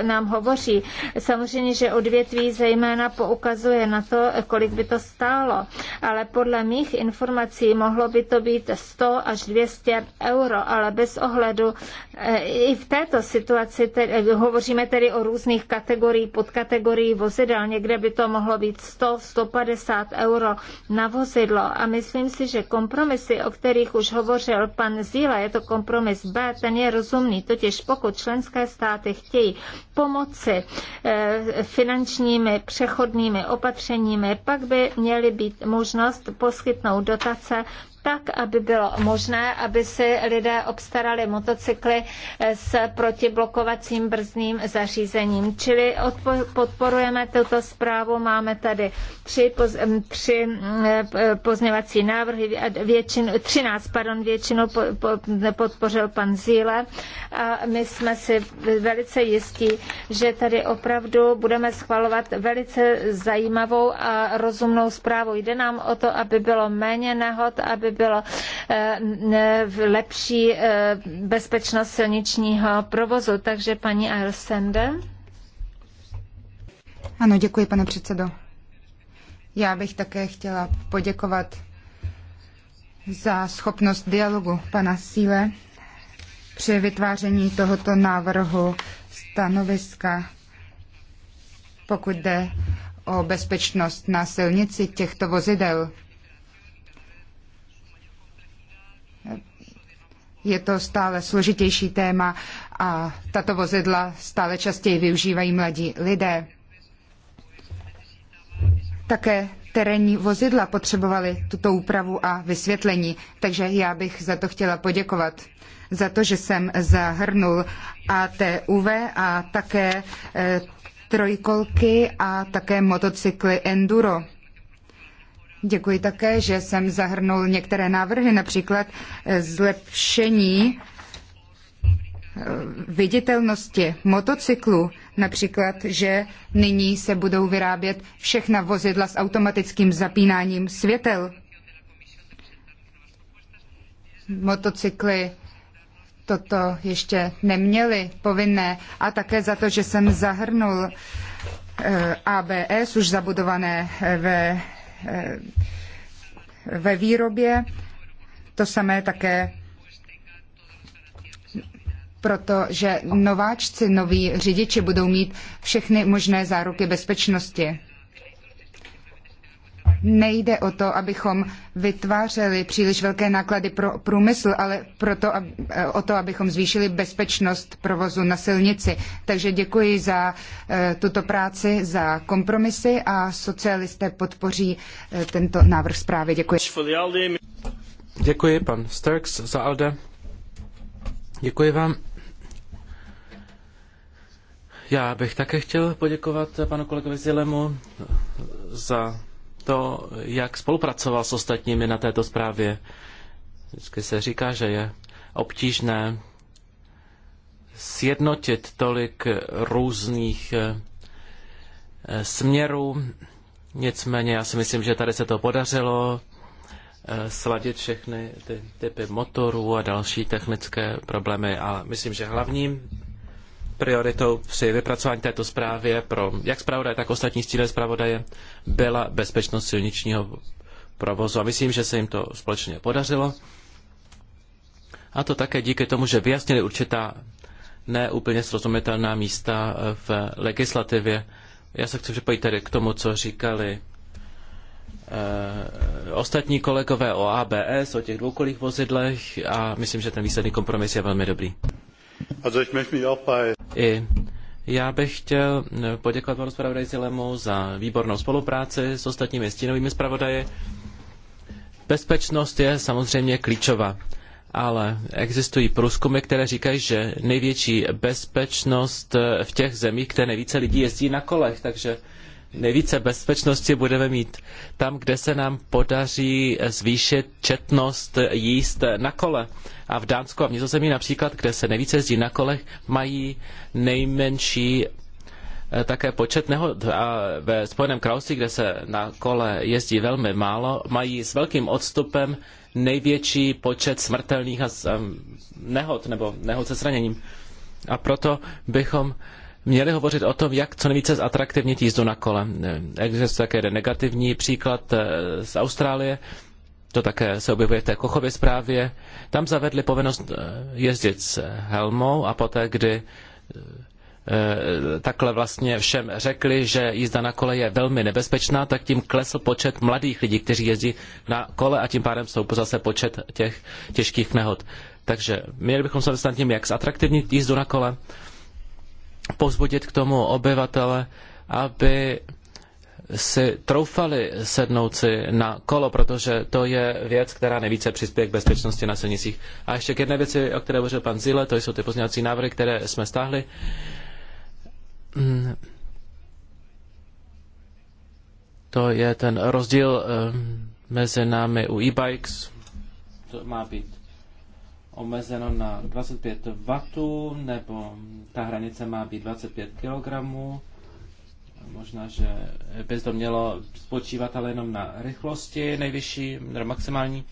nám hovoří. Samozřejmě, že odvětví zejména poukazuje je na to, kolik by to stálo. Ale podle mých informací mohlo by to být 100 až 200 euro, ale bez ohledu eh, i v této situaci tedy, eh, hovoříme tedy o různých kategoriích, podkategorií vozidel. Někde by to mohlo být 100, 150 euro na vozidlo. A myslím si, že kompromisy, o kterých už hovořil pan Zíla, je to kompromis B, ten je rozumný. Totiž pokud členské státy chtějí pomoci eh, finančními přechodnými opatřeními, opatřeními, pak by měly být možnost poskytnout dotace tak, aby bylo možné, aby si lidé obstarali motocykly s protiblokovacím brzdným zařízením. Čili podporujeme tuto zprávu, máme tady tři, poz, tři pozněvací návrhy, většinu, 13, pardon, většinu podpořil pan Zíle a my jsme si velice jistí, že tady opravdu budeme schvalovat velice zajímavou a rozumnou zprávu. Jde nám o to, aby bylo méně nehod, aby bylo eh, lepší eh, bezpečnost silničního provozu. Takže paní Ailsende. Ano, děkuji, pane předsedo. Já bych také chtěla poděkovat za schopnost dialogu pana Síle při vytváření tohoto návrhu stanoviska, pokud jde o bezpečnost na silnici těchto vozidel. je to stále složitější téma a tato vozidla stále častěji využívají mladí lidé. Také terénní vozidla potřebovaly tuto úpravu a vysvětlení, takže já bych za to chtěla poděkovat. Za to, že jsem zahrnul ATUV a také eh, trojkolky a také motocykly enduro. Děkuji také, že jsem zahrnul některé návrhy, například eh, zlepšení eh, viditelnosti motocyklu, například, že nyní se budou vyrábět všechna vozidla s automatickým zapínáním světel. Motocykly toto ještě neměly povinné a také za to, že jsem zahrnul eh, ABS už zabudované ve Eh, ve výrobě. To samé také protože nováčci, noví řidiči budou mít všechny možné záruky bezpečnosti nejde o to, abychom vytvářeli příliš velké náklady pro průmysl, ale proto, eh, o to, abychom zvýšili bezpečnost provozu na silnici. Takže děkuji za eh, tuto práci, za kompromisy a socialisté podpoří eh, tento návrh zprávy. Děkuji. Děkuji, pan Sturks za Alde. Děkuji vám. Já bych také chtěl poděkovat panu kolegovi Zilemu za to, jak spolupracoval s ostatními na této zprávě. Vždycky se říká, že je obtížné sjednotit tolik různých eh, eh, směrů. Nicméně já si myslím, že tady se to podařilo eh, sladit všechny ty typy motorů a další technické problémy. A myslím, že hlavním prioritou při vypracování této zprávy pro jak zpravodaje, tak ostatní stíle zpravodaje byla bezpečnost silničního provozu. A myslím, že se jim to společně podařilo. A to také díky tomu, že vyjasnili určitá neúplně srozumitelná místa v legislativě. Já se chci připojit tedy k tomu, co říkali eh, ostatní kolegové o ABS, o těch dvoukolých vozidlech a myslím, že ten výsledný kompromis je velmi dobrý. I já bych chtěl eh, poděkovat panu zpravodaji Lemu za výbornou spolupráci s ostatními stínovými zpravodaji. Bezpečnost je samozřejmě klíčová, ale existují průzkumy, které říkají, že největší bezpečnost eh, v těch zemích, kde nejvíce lidí jezdí na kolech, takže nejvíce bezpečnosti budeme mít tam, kde se nám podaří zvýšit četnost jíst na kole. A v Dánsku a v Nizozemí například, kde se nejvíce jezdí na kolech, mají nejmenší eh, také počet nehod a ve Spojeném království, kde se na kole jezdí velmi málo, mají s velkým odstupem největší počet smrtelných nehod nebo nehod se zraněním. A proto bychom měli hovořit o tom, jak co nejvíce zatraktivnit jízdu na kole. Existuje také jeden negativní příklad eh, z Austrálie, to také se objevuje v té Kochově zprávě. Tam zavedli povinnost eh, jezdit s helmou a poté, kdy eh, takhle vlastně všem řekli, že jízda na kole je velmi nebezpečná, tak tím klesl počet mladých lidí, kteří jezdí na kole a tím pádem stoupl zase počet těch těžkých nehod. Takže měli bychom se dostat tím, jak zatraktivnit jízdu na kole, povzbudit k tomu obyvatele, aby si troufali sednout si na kolo, protože to je věc, která nejvíce přispěje k bezpečnosti na silnicích. A ještě k jedné věci, o které hovořil pan Zile, to jsou ty pozměňovací návrhy, které jsme stáhli. Mm. To je ten rozdíl eh, mezi námi u e-bikes. To má být omezeno na 25 W, nebo ta hranice má být 25 kg. Možná, že by to mělo spočívat ale jenom na rychlosti nejvyšší, nebo maximální.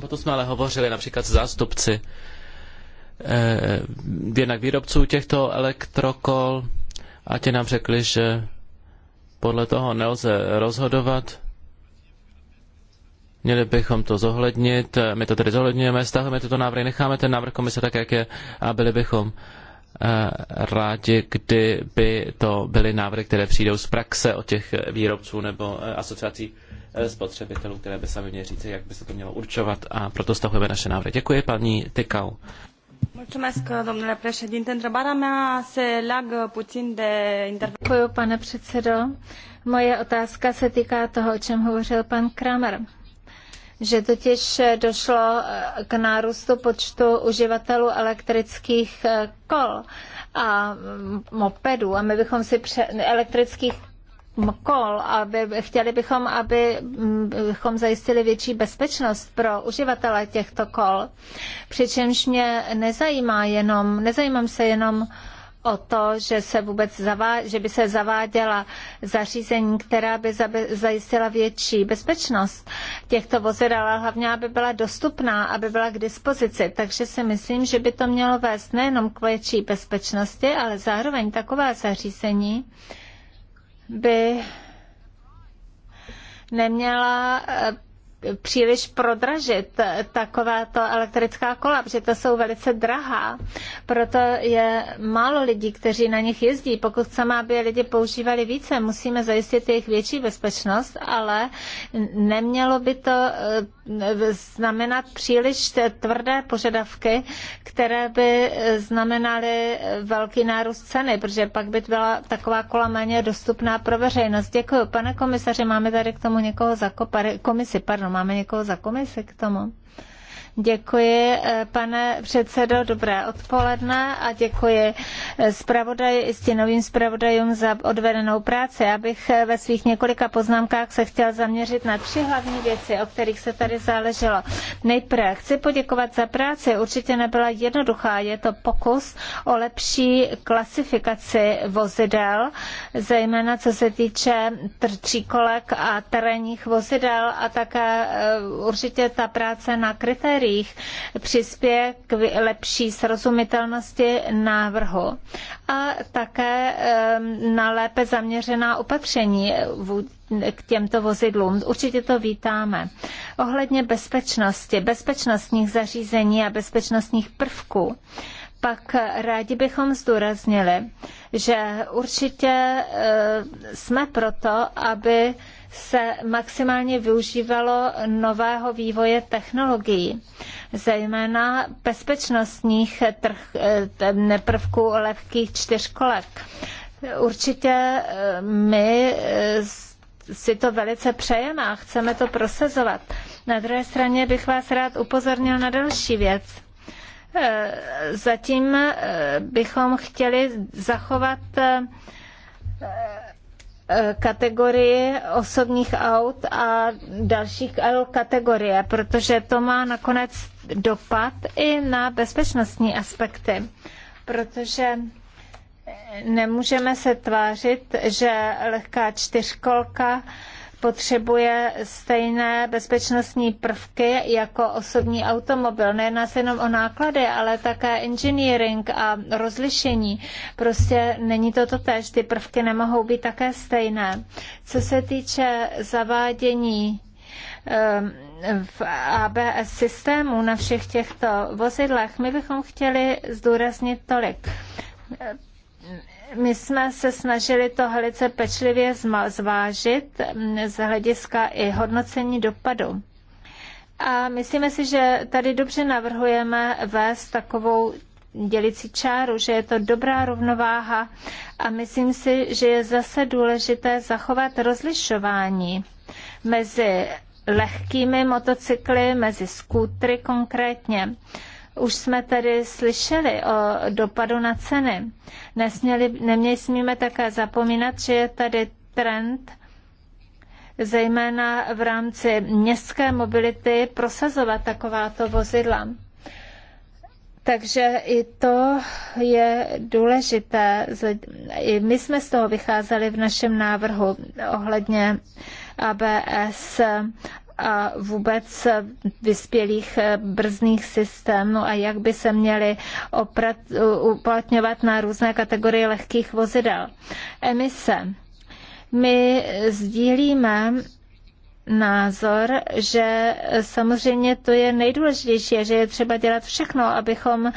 Potom jsme ale hovořili například s zástupci eh, jednak výrobců těchto elektrokol a ti nám řekli, že podle toho nelze rozhodovat. Měli bychom to zohlednit, my to tedy zohledňujeme, stahujeme tyto návrhy, necháme ten návrh komise tak, jak je a byli bychom eh, rádi, kdyby to byly návrhy, které přijdou z praxe od těch výrobců nebo eh, asociací eh, spotřebitelů, které by sami měly říci, jak by se to mělo určovat a proto stahujeme naše návrhy. Děkuji, paní Tykau. Mulțumesc, domnule președinte. Întrebarea mea se leagă puțin de intervenție. Pane předsedo, moje otázka se týká toho, o čem hovořil pan Kramer že totiž došlo eh, k nárůstu počtu uživatelů elektrických eh, kol a mm, mopedů a my bychom si pře- elektrických kol, aby, chtěli bychom, aby mm, bychom zajistili větší bezpečnost pro uživatele těchto kol. Přičemž mě nezajímá jenom, nezajímám se jenom o to, že, se vůbec zavá, že by se zaváděla zařízení, která by zajistila větší bezpečnost těchto vozidel, ale hlavně, aby byla dostupná, aby byla k dispozici. Takže si myslím, že by to mělo vést nejenom k větší bezpečnosti, ale zároveň taková zařízení by neměla eh, příliš prodražit takováto elektrická kola, protože to jsou velice drahá. Proto je málo lidí, kteří na nich jezdí. Pokud chceme, aby lidi používali více, musíme zajistit jejich větší bezpečnost, ale nemělo by to znamenat příliš tvrdé požadavky, které by znamenaly velký nárůst ceny, protože pak by byla taková kola méně dostupná pro veřejnost. Děkuji. Pane komisaři, máme tady k tomu někoho za komisi, pardon, máme někoho za komisi k tomu. Děkuji, eh, pane předsedo, dobré odpoledne a děkuji eh, zpravodaji i stěnovým zpravodajům za odvedenou práci. Já bych eh, ve svých několika poznámkách se chtěl zaměřit na tři hlavní věci, o kterých se tady záleželo. Nejprve chci poděkovat za práci, určitě nebyla jednoduchá, je to pokus o lepší klasifikaci vozidel, zejména co se týče tříkolek a terénních vozidel a také určitě ta práce na kritérii kritériích přispěje k lepší srozumitelnosti návrhu a také na lépe zaměřená opatření k těmto vozidlům. Určitě to vítáme. Ohledně bezpečnosti, bezpečnostních zařízení a bezpečnostních prvků pak rádi bychom zdůraznili, že určitě eh, jsme proto, aby se maximálně využívalo nového vývoje technologií, zejména bezpečnostních trh, eh, prvků lehkých čtyřkolek. Určitě eh, my eh, si to velice přejeme a chceme to prosazovat. Na druhé straně bych vás rád upozornil na další věc. Zatím bychom chtěli zachovat Eh, kategorii osobních aut a dalších L kategorie, protože to má nakonec dopad i na bezpečnostní aspekty, protože nemůžeme se tvářit, že lehká čtyřkolka potřebuje stejné bezpečnostní prvky jako osobní automobil. Nejedná se jenom o náklady, ale také engineering a rozlišení. Prostě není to totéž, ty prvky nemohou být také stejné. Co se týče zavádění ehm, v ABS systému na všech těchto vozidlech, my bychom chtěli zdůraznit tolik my jsme se snažili to velice pečlivě zvážit mm, z hlediska i hodnocení dopadu. A myslíme si, že tady dobře navrhujeme vést takovou dělicí čáru, že je to dobrá rovnováha a myslím si, že je zase důležité zachovat rozlišování mezi lehkými motocykly, mezi skútry konkrétně už jsme tedy slyšeli o dopadu na ceny. Nesměli, neměli smíme také zapomínat, že je tady trend zejména v rámci městské mobility prosazovat takováto vozidla. Takže i to je důležité. I my jsme z toho vycházeli v našem návrhu ohledně ABS a vůbec vyspělých eh, brzdných systémů a jak by se měly uplatňovat na různé kategorie lehkých vozidel. Emise. My sdílíme názor, že samozřejmě to je nejdůležitější a že je třeba dělat všechno, abychom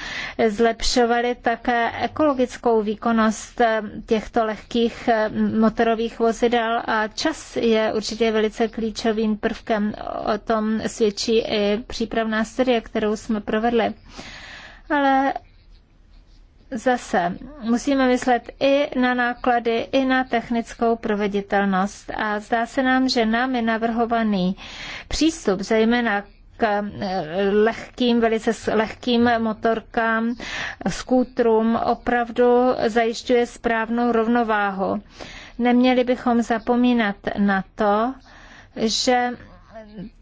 zlepšovali také ekologickou výkonnost eh, těchto lehkých eh, motorových vozidel a čas je určitě velice klíčovým prvkem. O tom svědčí i přípravná studie, kterou jsme provedli. Ale zase musíme myslet i na náklady, i na technickou proveditelnost. A zdá se nám, že nám je navrhovaný přístup, zejména k eh, lehkým, velice lehkým motorkám, skútrům, opravdu zajišťuje správnou rovnováhu. Neměli bychom zapomínat na to, že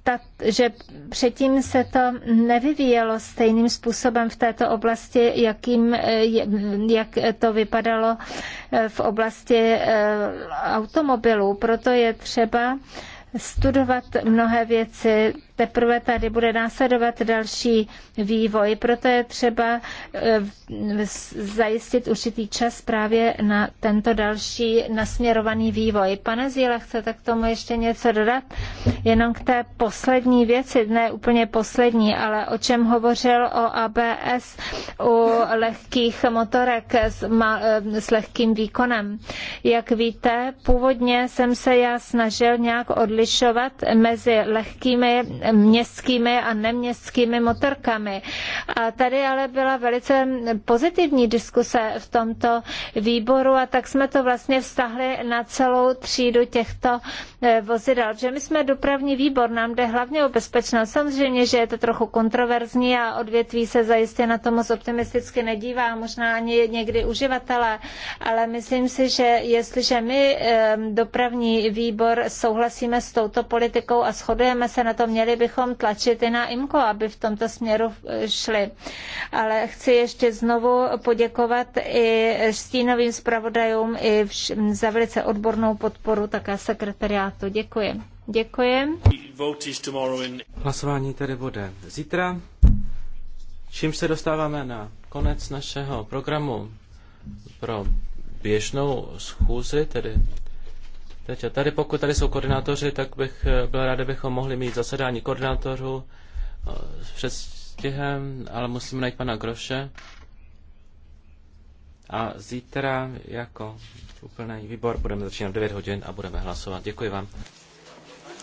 ta, že předtím se to nevyvíjelo stejným způsobem v této oblasti, jakým, jak to vypadalo eh, v oblasti eh, automobilů. Proto je třeba studovat mnohé věci, teprve tady bude následovat další vývoj, proto je třeba eh, zajistit určitý čas právě na tento další nasměrovaný vývoj. Pane Zíle, chcete k tomu ještě něco dodat? Jenom k té poslední věci, ne úplně poslední, ale o čem hovořil o ABS u lehkých motorek s, ma, eh, s lehkým výkonem. Jak víte, původně jsem se já snažil nějak odlišovat mezi lehkými městskými a neměstskými motorkami. A tady ale byla velice pozitivní diskuse v tomto výboru a tak jsme to vlastně vztahli na celou třídu těchto Eh, vozidel, že my jsme dopravní výbor, nám jde hlavně o bezpečnost. Samozřejmě, že je to trochu kontroverzní a odvětví se zajistě na to moc optimisticky nedívá, možná ani někdy uživatelé, ale myslím si, že jestliže my dopravní výbor souhlasíme s touto politikou a shodujeme se na to, měli bychom tlačit i na IMCO, aby v tomto směru eh, šli. Ale chci ještě znovu poděkovat i stínovým zpravodajům i za velice odbornou podporu také sekretariátu státu. Děkuji. Děkuji. Hlasování tedy bude zítra. Čím se dostáváme na konec našeho programu pro běžnou schůzi, tedy teď a tady, pokud tady jsou koordinátoři, tak bych byl rád, bychom mohli mít zasedání koordinátorů eh, s předstihem, ale musíme najít pana Groše. A zítra jako úplný výbor budeme začínat 9 hodin a budeme hlasovat. Děkuji vám.